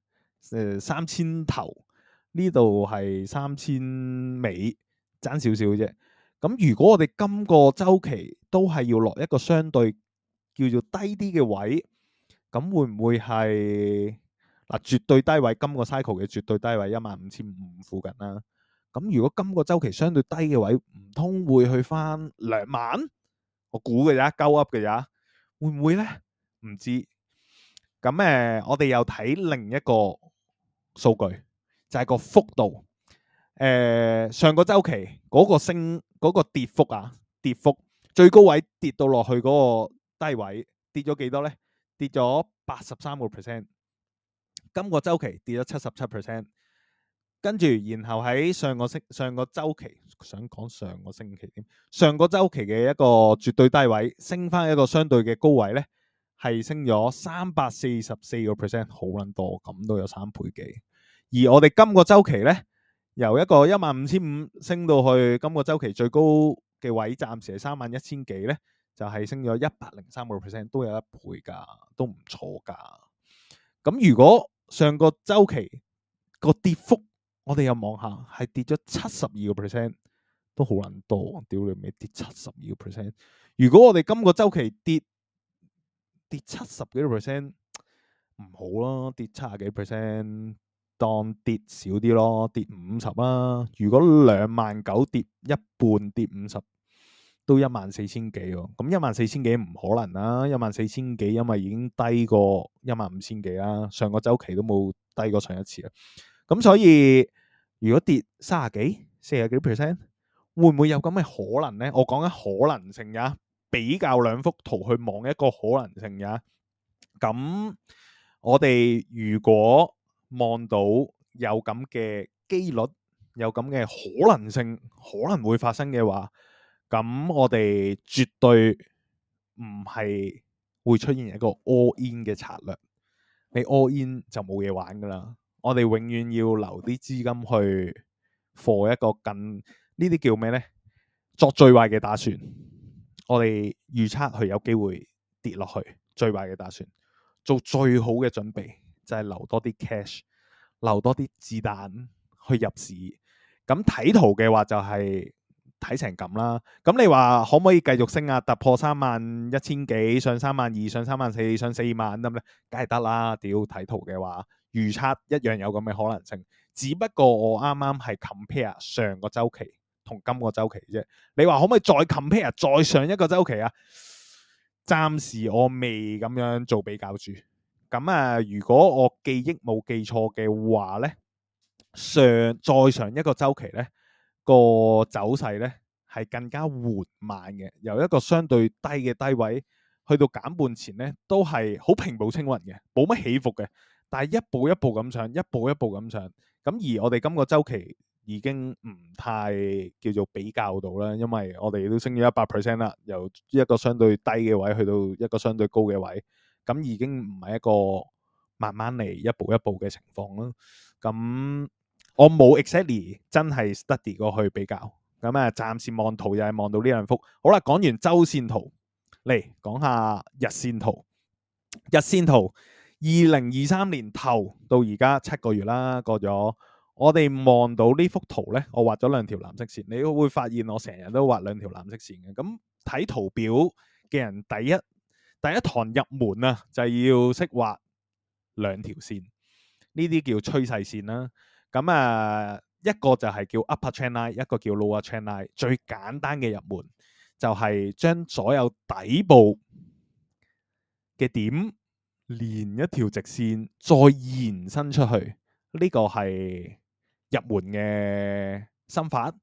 誒三千頭，呢度係三千尾。爭少少啫，咁如果我哋今個周期都係要落一個相對叫做低啲嘅位，咁會唔會係嗱絕對低位？今個 cycle 嘅絕對低位一萬五千五附近啦。咁如果今個周期相對低嘅位唔通會去返兩萬？我估嘅咋，鳩 up 嘅咋，會唔會咧？唔知。咁誒，我哋又睇另一個數據，就係個幅度。誒、呃，上個周期嗰、嗰個升、嗰個跌幅啊，跌幅最高位跌到落去嗰個低位，跌咗幾多呢？跌咗八十三個 percent。今個周期跌咗七十七 percent。跟住然後喺上個星上個周期，想講上個星期，上個周期嘅一個絕對低位升返一個相對嘅高位呢，係升咗三百四十四個 percent，好捻多，咁都有三倍幾。而我哋今個周期呢。由一個一萬五千五升到去今個周期最高嘅位，暫時係三萬一千幾咧，就係升咗一百零三個 percent，都有一倍噶，都唔錯噶。咁如果上個周期個跌幅，我哋又望下，係跌咗七十二個 percent，都好難多。屌你咪跌七十二個 percent？如果我哋今個周期跌跌七十幾個 percent，唔好啦，跌七十幾 percent。當跌少啲咯，跌五十啦。如果兩萬九跌一半跌 50, 14,，跌五十都一萬四千幾喎。咁一萬四千幾唔可能啦，啊，一萬四千幾因為已經低過一萬五千幾啦。上個周期都冇低過上一次啦。咁所以如果跌三十幾、四十幾 percent，會唔會有咁嘅可能呢？我講緊可能性呀，啊，比較兩幅圖去望一個可能性呀，啊。咁我哋如果望到有咁嘅機率，有咁嘅可能性可能會發生嘅話，咁我哋絕對唔係會出現一個 all in 嘅策略。你 all in 就冇嘢玩噶啦！我哋永遠要留啲資金去 for 一個近。呢啲叫咩呢？作最壞嘅打算，我哋預測佢有機會跌落去，最壞嘅打算，做最好嘅準備。就係留多啲 cash，留多啲子彈去入市。咁睇圖嘅話就係睇成咁啦。咁你話可唔可以繼續升啊？突破三萬一千幾，上三萬二，上三萬四，上四萬得唔得？梗係得啦。屌，睇圖嘅話，預測一樣有咁嘅可能性。只不過我啱啱係 compare 上個週期同今個週期啫。你話可唔可以再 compare 再上一個週期啊？暫時我未咁樣做比較住。咁啊，如果我記憶冇記錯嘅話呢，上再上一個週期呢，個走勢呢係更加緩慢嘅，由一個相對低嘅低位去到減半前呢，都係好平步青雲嘅，冇乜起伏嘅，但係一步一步咁上，一步一步咁上。咁而我哋今個週期已經唔太叫做比較到啦，因為我哋都升咗一百 percent 啦，由一個相對低嘅位去到一個相對高嘅位。咁已經唔係一個慢慢嚟一步一步嘅情況啦。咁我冇 exactly 真係 study 過去比較。咁啊，暫時望圖又係望到呢兩幅。好啦，講完周線圖，嚟講下日線圖。日線圖二零二三年頭到而家七個月啦，過咗。我哋望到呢幅圖呢，我畫咗兩條藍色線。你會發現我成日都畫兩條藍色線嘅。咁睇圖表嘅人第一。.第一堂入門啊，就要識畫兩條線，呢啲叫趨勢線啦、啊。咁啊，一個就係叫 upper trend line，一個叫 lower trend line。最簡單嘅入門就係將所有底部嘅點連一條直線，再延伸出去。呢、呢個係入門嘅心法、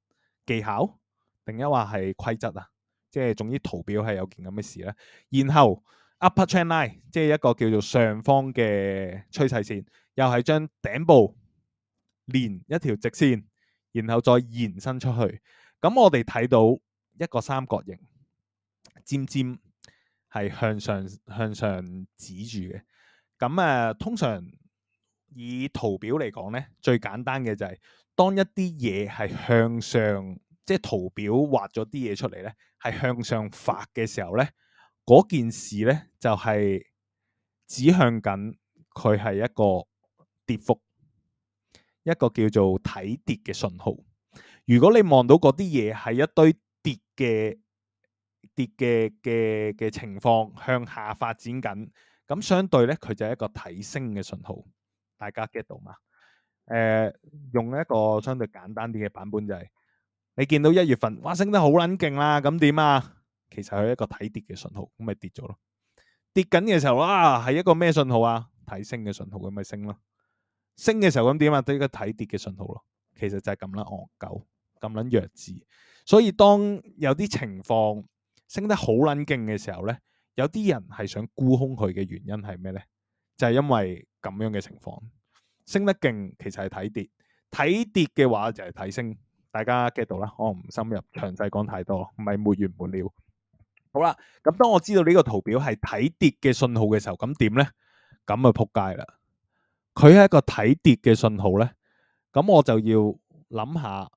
技巧，定一話係規則啊。即係總之圖表係有件咁嘅事啦，然後 upper trend line 即係一個叫做上方嘅趨勢線，又係將頂部連一條直線，然後再延伸出去。咁我哋睇到一個三角形，尖尖係向上向上指住嘅。咁誒、啊，通常以圖表嚟講呢，最簡單嘅就係、是、當一啲嘢係向上，即係圖表畫咗啲嘢出嚟呢。係向上發嘅時候咧，嗰件事咧就係指向緊佢係一個跌幅，一個叫做睇跌嘅信號。如果你望到嗰啲嘢係一堆跌嘅跌嘅嘅嘅情況向下發展緊，咁相對咧佢就係一個睇升嘅信號。大家 get 到嗎？誒、呃，用一個相對簡單啲嘅版本就係、是。你見到一月份，哇，升得好撚勁啦，咁點啊？其實係一個睇跌嘅信號，咁咪跌咗咯。跌緊嘅時候，哇、啊，係一個咩信號啊？睇升嘅信號，咁咪升咯。升嘅時候咁點啊？對一個睇跌嘅信號咯。其實就係咁撚，惡狗咁撚弱智。所以當有啲情況升得好撚勁嘅時候咧，有啲人係想沽空佢嘅原因係咩咧？就係、是、因為咁樣嘅情況，升得勁其實係睇跌，睇跌嘅話就係睇升。大家 get 到啦。我唔深入，詳細講太多，唔係沒完沒了。好啦，咁當我知道呢個圖表係睇跌嘅信號嘅時候，咁點呢？咁啊撲街啦！佢係一個睇跌嘅信號呢，咁我就要諗下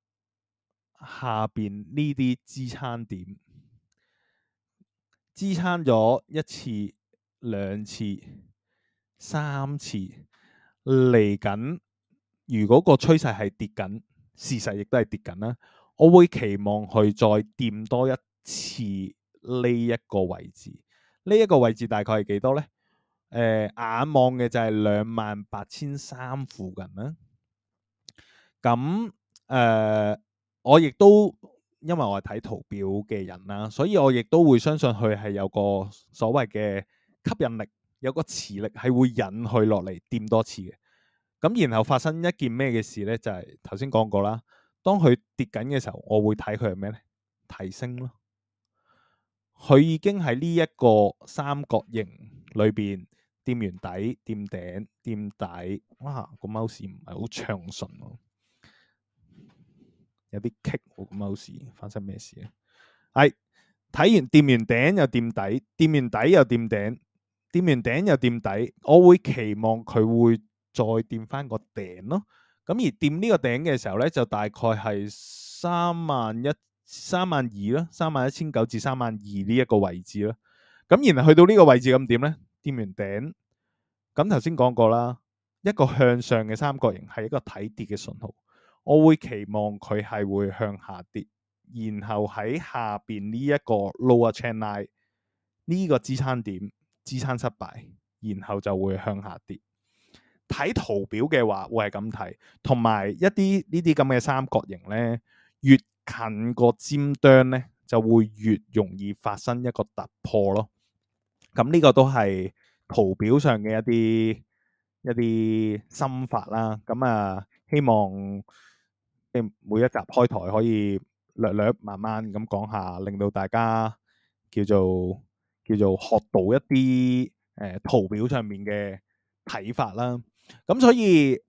下邊呢啲支撐點支撐咗一次、兩次、三次嚟緊，如果個趨勢係跌緊。事實亦都係跌緊啦，我會期望佢再掂多一次呢一個位置，呢、這、一個位置大概係幾多呢？誒、呃、眼望嘅就係兩萬八千三附近啦。咁、嗯、誒、呃，我亦都因為我係睇圖表嘅人啦，所以我亦都會相信佢係有個所謂嘅吸引力，有個磁力係會引佢落嚟掂多次嘅。咁然後發生一件咩嘅事呢？就係頭先講過啦。當佢跌緊嘅時候，我會睇佢係咩呢？提升咯。佢已經喺呢一個三角形裏邊掂完底，掂頂，掂底。哇，個走勢唔係好暢順，喎，有啲棘我個走勢。發生咩事呢？係、哎、睇完掂完頂又掂底，掂完底又掂頂，掂完頂又掂底，底。我會期望佢會。再掂翻個頂咯，咁而掂呢個頂嘅時候呢，就大概係三萬一、三萬二咯，三萬一千九至三萬二呢一個位置咯。咁然後去到呢個位置咁點呢？掂完頂，咁頭先講過啦，一個向上嘅三角形係一個睇跌嘅信號，我會期望佢係會向下跌，然後喺下邊呢一個 lower channel 呢個支撐點支撐失敗，然後就會向下跌。睇圖表嘅話，會係咁睇，同埋一啲呢啲咁嘅三角形咧，越近個尖端咧，就會越容易發生一個突破咯。咁呢個都係圖表上嘅一啲一啲心法啦。咁啊，希望即係每一集開台可以略略慢慢咁講下，令到大家叫做叫做學到一啲誒圖表上面嘅睇法啦。咁所以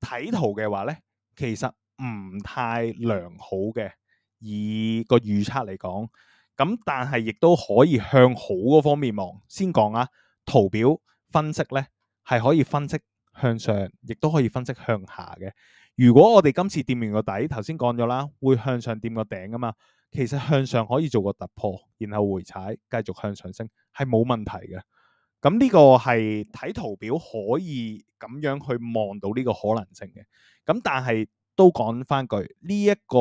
睇圖嘅話呢，其實唔太良好嘅，以個預測嚟講。咁但係亦都可以向好嗰方面望，先講啊。圖表分析呢係可以分析向上，亦都可以分析向下嘅。如果我哋今次掂完個底，頭先講咗啦，會向上掂個頂啊嘛。其實向上可以做個突破，然後回踩，繼續向上升，係冇問題嘅。咁呢個係睇圖表可以咁樣去望到呢個可能性嘅。咁但係都講返句，呢、這、一個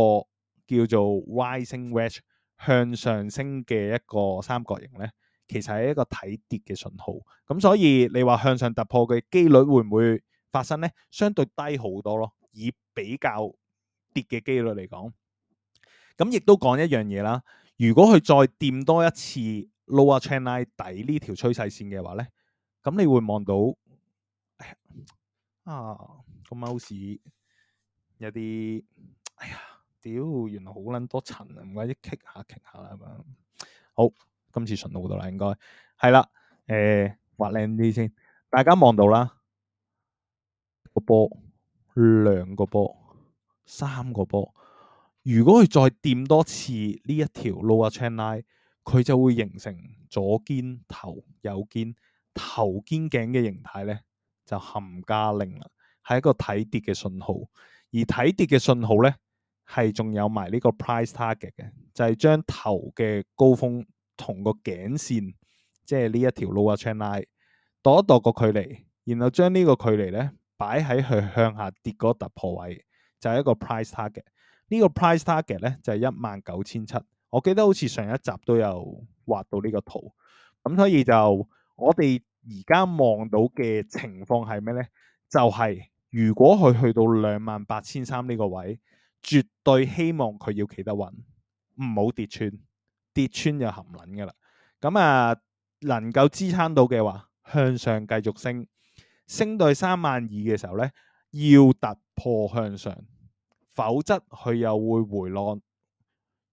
叫做 rising wedge 向上升嘅一個三角形呢，其實係一個睇跌嘅信號。咁所以你話向上突破嘅機率會唔會發生呢？相對低好多咯，以比較跌嘅機率嚟講。咁亦都講一樣嘢啦，如果佢再掂多一次。Lower trend line 底呢條趨勢線嘅話咧，咁你會望到啊個 mouse 有啲哎呀屌，原來好捻多層啊，唔怪一 kick 下 kick 下啦咁樣。好，今次順路到啦，應該係啦。誒，畫靚啲先，大家望到啦個波，兩個波，三個波。如果佢再掂多次呢一條 lower trend line。佢就會形成左肩頭、右肩頭肩、肩頸嘅形態咧，就含加零啦，係一個睇跌嘅信號。而睇跌嘅信號咧，係仲有埋呢個 price target 嘅，就係、是、將頭嘅高峰同個頸線，即係呢一條 lower channel，度一度一個距離，然後將呢個距離咧擺喺佢向下跌嗰個突破位，就係、是、一個 price target。這個、pr target 呢個 price target 咧就係一萬九千七。我記得好似上一集都有畫到呢個圖，咁所以就我哋而家望到嘅情況係咩呢？就係如果佢去到兩萬八千三呢個位，絕對希望佢要企得穩，唔好跌穿，跌穿就含撚㗎喇。咁啊，能夠支撐到嘅話，向上繼續升，升到去三萬二嘅時候呢，要突破向上，否則佢又會回落。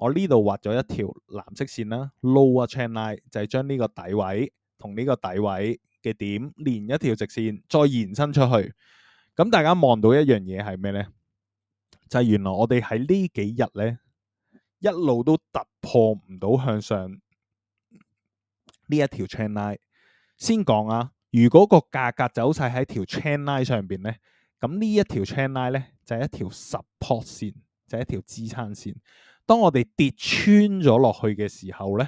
我呢度畫咗一條藍色線啦，lower trend line 就係將呢個底位同呢個底位嘅點連一條直線，再延伸出去。咁、嗯、大家望到一樣嘢係咩呢？就係、是、原來我哋喺呢幾日呢，一路都突破唔到向上呢一條 trend line。先講啊，如果個價格走勢喺條 trend line 上邊呢，咁呢一條 trend line 咧就係、是、一條 support 線，就係、是、一條支撐線。當我哋跌穿咗落去嘅時候呢，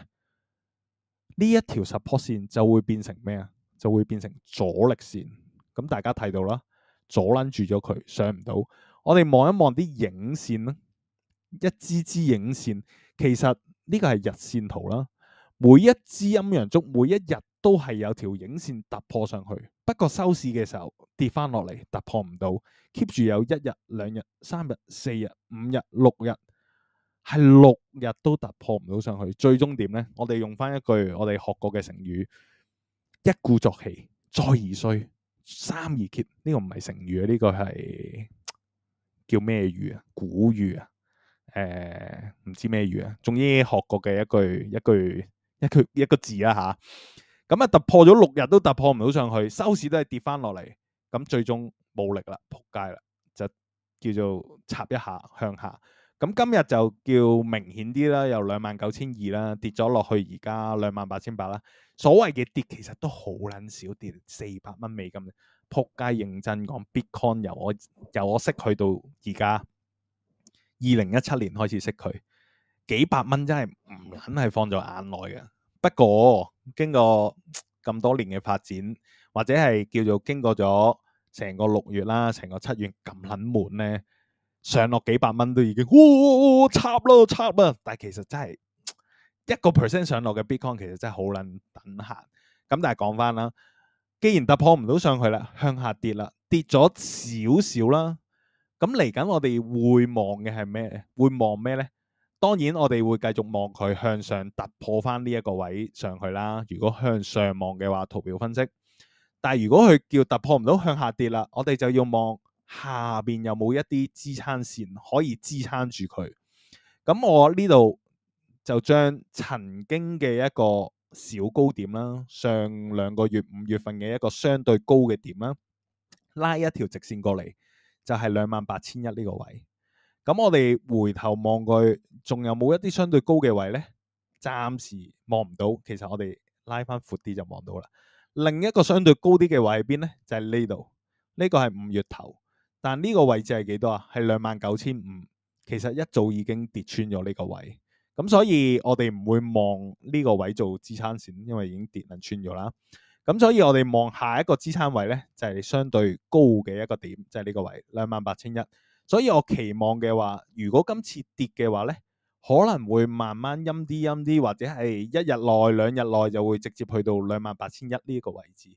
呢一條 support 線就會變成咩啊？就會變成阻力線。咁大家睇到啦，阻攔住咗佢上唔到。我哋望一望啲影線啦，一支支影線，其實呢個係日線圖啦。每一支陰陽燭，每一日都係有條影線突破上去，不過收市嘅時候跌翻落嚟，突破唔到，keep 住有一日、兩日、三日、四日、五日、六日。係六日都突破唔到上去，最終點咧？我哋用翻一句我哋學過嘅成語：一鼓作氣，再而衰，三而竭。呢、這個唔係成語啊，呢、這個係叫咩語啊？古語啊？誒、呃，唔知咩語啊？仲依學過嘅一句一句一句，一句，一句一個字啦吓。咁啊，突破咗六日都突破唔到上去，收市都係跌翻落嚟。咁最終冇力啦，仆街啦，就叫做插一下向下。咁今日就叫明顯啲啦，由兩萬九千二啦跌咗落去，而家兩萬八千八啦。所謂嘅跌其實都好撚少，跌四百蚊美金。仆街認真講，Bitcoin 由我由我識佢到而家二零一七年開始識佢，幾百蚊真係唔肯係放在眼內嘅。不過經過咁多年嘅發展，或者係叫做經過咗成個六月啦，成個七月咁撚悶咧。上落幾百蚊都已經，哇插咯插啦！但係其實真係一個 percent 上落嘅 Bitcoin 其實真係好撚等閒。咁但係講翻啦，既然突破唔到上去啦，向下跌啦，跌咗少少啦，咁嚟緊我哋會望嘅係咩？會望咩咧？當然我哋會繼續望佢向上突破翻呢一個位上去啦。如果向上望嘅話，圖表分析。但係如果佢叫突破唔到向下跌啦，我哋就要望。下邊有冇一啲支撐線可以支撐住佢？咁我呢度就將曾經嘅一個小高點啦，上兩個月五月份嘅一個相對高嘅點啦，拉一條直線過嚟就係兩萬八千一呢個位。咁我哋回頭望過去，仲有冇一啲相對高嘅位呢？暫時望唔到。其實我哋拉翻闊啲就望到啦。另一個相對高啲嘅位喺邊呢？就係呢度，呢個係五月頭。但呢個位置係幾多啊？係兩萬九千五，其實一早已經跌穿咗呢個位，咁所以我哋唔會望呢個位做支撐線，因為已經跌能穿咗啦。咁所以我哋望下一個支撐位呢，就係你相對高嘅一個點，就係呢個位兩萬八千一。28, 1，所以我期望嘅話，如果今次跌嘅話呢，可能會慢慢陰啲陰啲，或者係一日內、兩日內就會直接去到兩萬八千一呢個位置，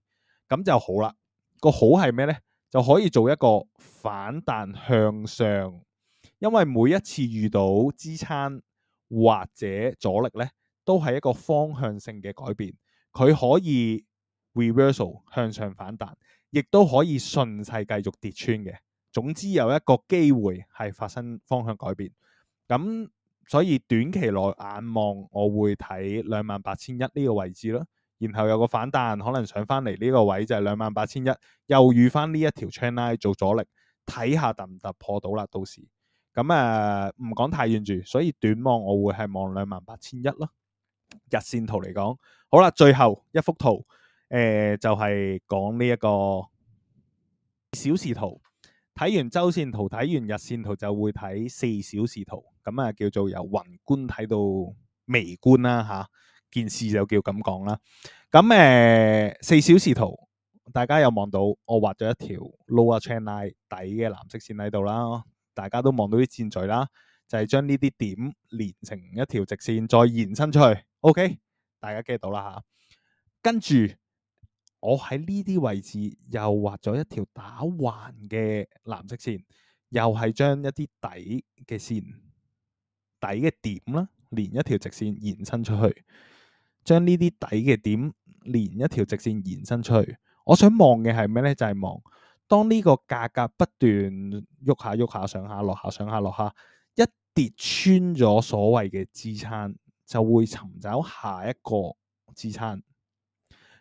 咁就好啦。個好係咩呢？就可以做一個反彈向上，因為每一次遇到支撐或者阻力呢，都係一個方向性嘅改變。佢可以 reversal 向上反彈，亦都可以順勢繼續跌穿嘅。總之有一個機會係發生方向改變。咁所以短期內眼望，我會睇兩萬八千一呢個位置咯。然後有個反彈，可能上翻嚟呢個位就係兩萬八千一，又遇翻呢一條 channel 做阻力，睇下突唔突破到啦。到時咁啊，唔、呃、講太遠住，所以短望我會係望兩萬八千一咯。日線圖嚟講，好啦，最後一幅圖誒、呃，就係、是、講呢一個小時圖。睇完周線圖，睇完日線圖，就會睇四小時圖。咁啊，叫做由宏觀睇到微觀啦，吓。件事就叫咁講啦，咁誒、呃、四小時圖，大家有望到我畫咗一條 lower trend line 底嘅藍色線喺度啦，大家都望到啲箭嘴啦，就係將呢啲點連成一條直線，再延伸出去。OK，大家記得到啦嚇、啊。跟住我喺呢啲位置又畫咗一條打橫嘅藍色線，又係將一啲底嘅線底嘅點啦，連一條直線延伸出去。將呢啲底嘅點連一條直線延伸出去，我想望嘅係咩呢？就係望當呢個價格不斷喐下喐下，上下落下上下落下，一跌穿咗所謂嘅支撐，就會尋找下一個支撐，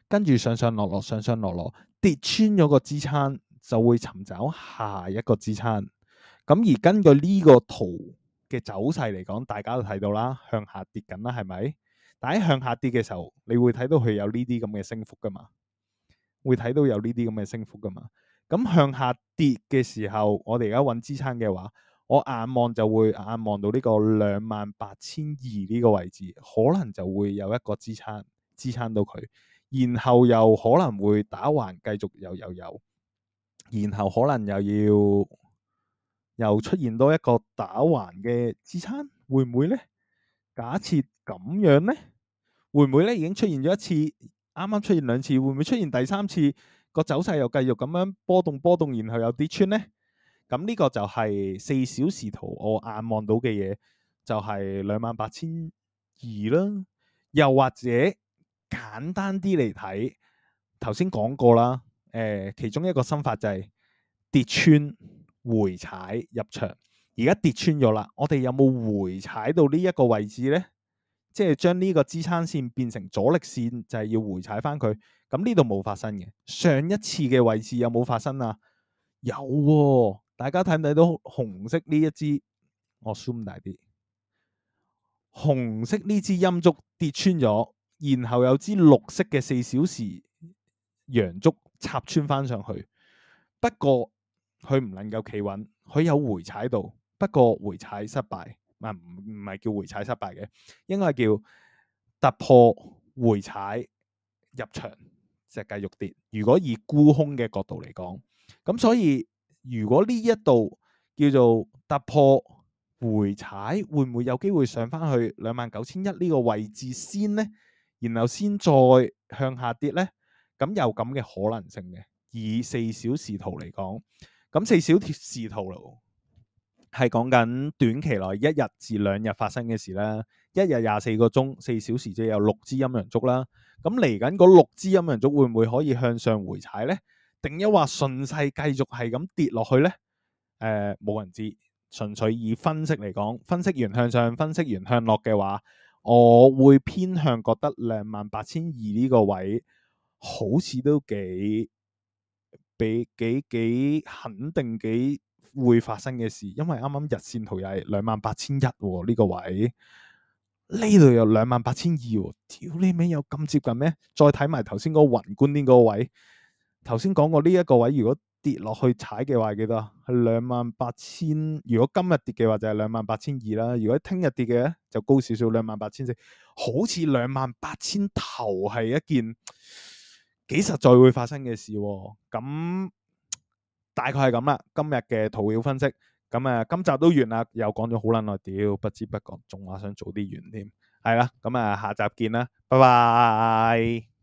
跟住上上落落，上上落落，跌穿咗個支撐就會尋找下一個支撐。咁而根據呢個圖嘅走勢嚟講，大家都睇到啦，向下跌緊啦，係咪？喺向下跌嘅時候，你會睇到佢有呢啲咁嘅升幅噶嘛？會睇到有呢啲咁嘅升幅噶嘛？咁向下跌嘅時候，我哋而家揾支撐嘅話，我眼望就會眼望到呢個兩萬八千二呢個位置，可能就會有一個支撐，支撐到佢，然後又可能會打橫繼續又又有，然後可能又要又出現多一個打橫嘅支撐，會唔會呢？假設咁樣呢。會唔會咧已經出現咗一次？啱啱出現兩次，會唔會出現第三次？個走勢又繼續咁樣波動波動，然後又跌穿呢？咁呢個就係四小時圖我眼望到嘅嘢，就係兩萬八千二啦。又或者簡單啲嚟睇，頭先講過啦。誒、呃，其中一個心法就係跌穿回踩入場。而家跌穿咗啦，我哋有冇回踩到呢一個位置呢？即係將呢個支撐線變成阻力線，就係要回踩翻佢。咁呢度冇發生嘅，上一次嘅位置有冇發生啊？有哦，大家睇唔睇到紅色呢一支？我 zoom 大啲，紅色呢支陰燭跌穿咗，然後有支綠色嘅四小時陽燭插穿翻上去，不過佢唔能夠企穩，佢有回踩度，不過回踩失敗。唔唔係叫回踩失敗嘅，應該叫突破回踩入場，石繼續跌。如果以沽空嘅角度嚟講，咁所以如果呢一度叫做突破回踩，會唔會有機會上翻去兩萬九千一呢個位置先呢？然後先再向下跌呢？咁有咁嘅可能性嘅。以四小時圖嚟講，咁四小時圖咯。係講緊短期內一日至兩日發生嘅事啦，一日廿四個鐘，四小時即有六支陰陽燭啦。咁嚟緊嗰六支陰陽燭會唔會可以向上回踩呢？定一話順勢繼續係咁跌落去呢？誒、呃，冇人知。純粹以分析嚟講，分析完向上，分析完向落嘅話，我會偏向覺得兩萬八千二呢個位，好似都幾，幾幾幾肯定幾。會發生嘅事，因為啱啱日線圖又係兩萬八千一呢個位，呢度、哦、有兩萬八千二，屌你咪有咁接近咩？再睇埋頭先嗰個宏觀呢個位，頭先講過呢一個位，如果跌落去踩嘅話，係幾多？係兩萬八千。如果今日跌嘅話就係兩萬八千二啦。如果聽日跌嘅就高少少，兩萬八千四。好似兩萬八千頭係一件幾實在會發生嘅事、哦，咁。大概係咁啦，今日嘅圖表分析，咁、嗯、啊，今集都完啦，又講咗好撚耐，屌，不知不覺，仲話想早啲完添，係、嗯、啦，咁、嗯、啊、嗯，下集見啦，拜拜。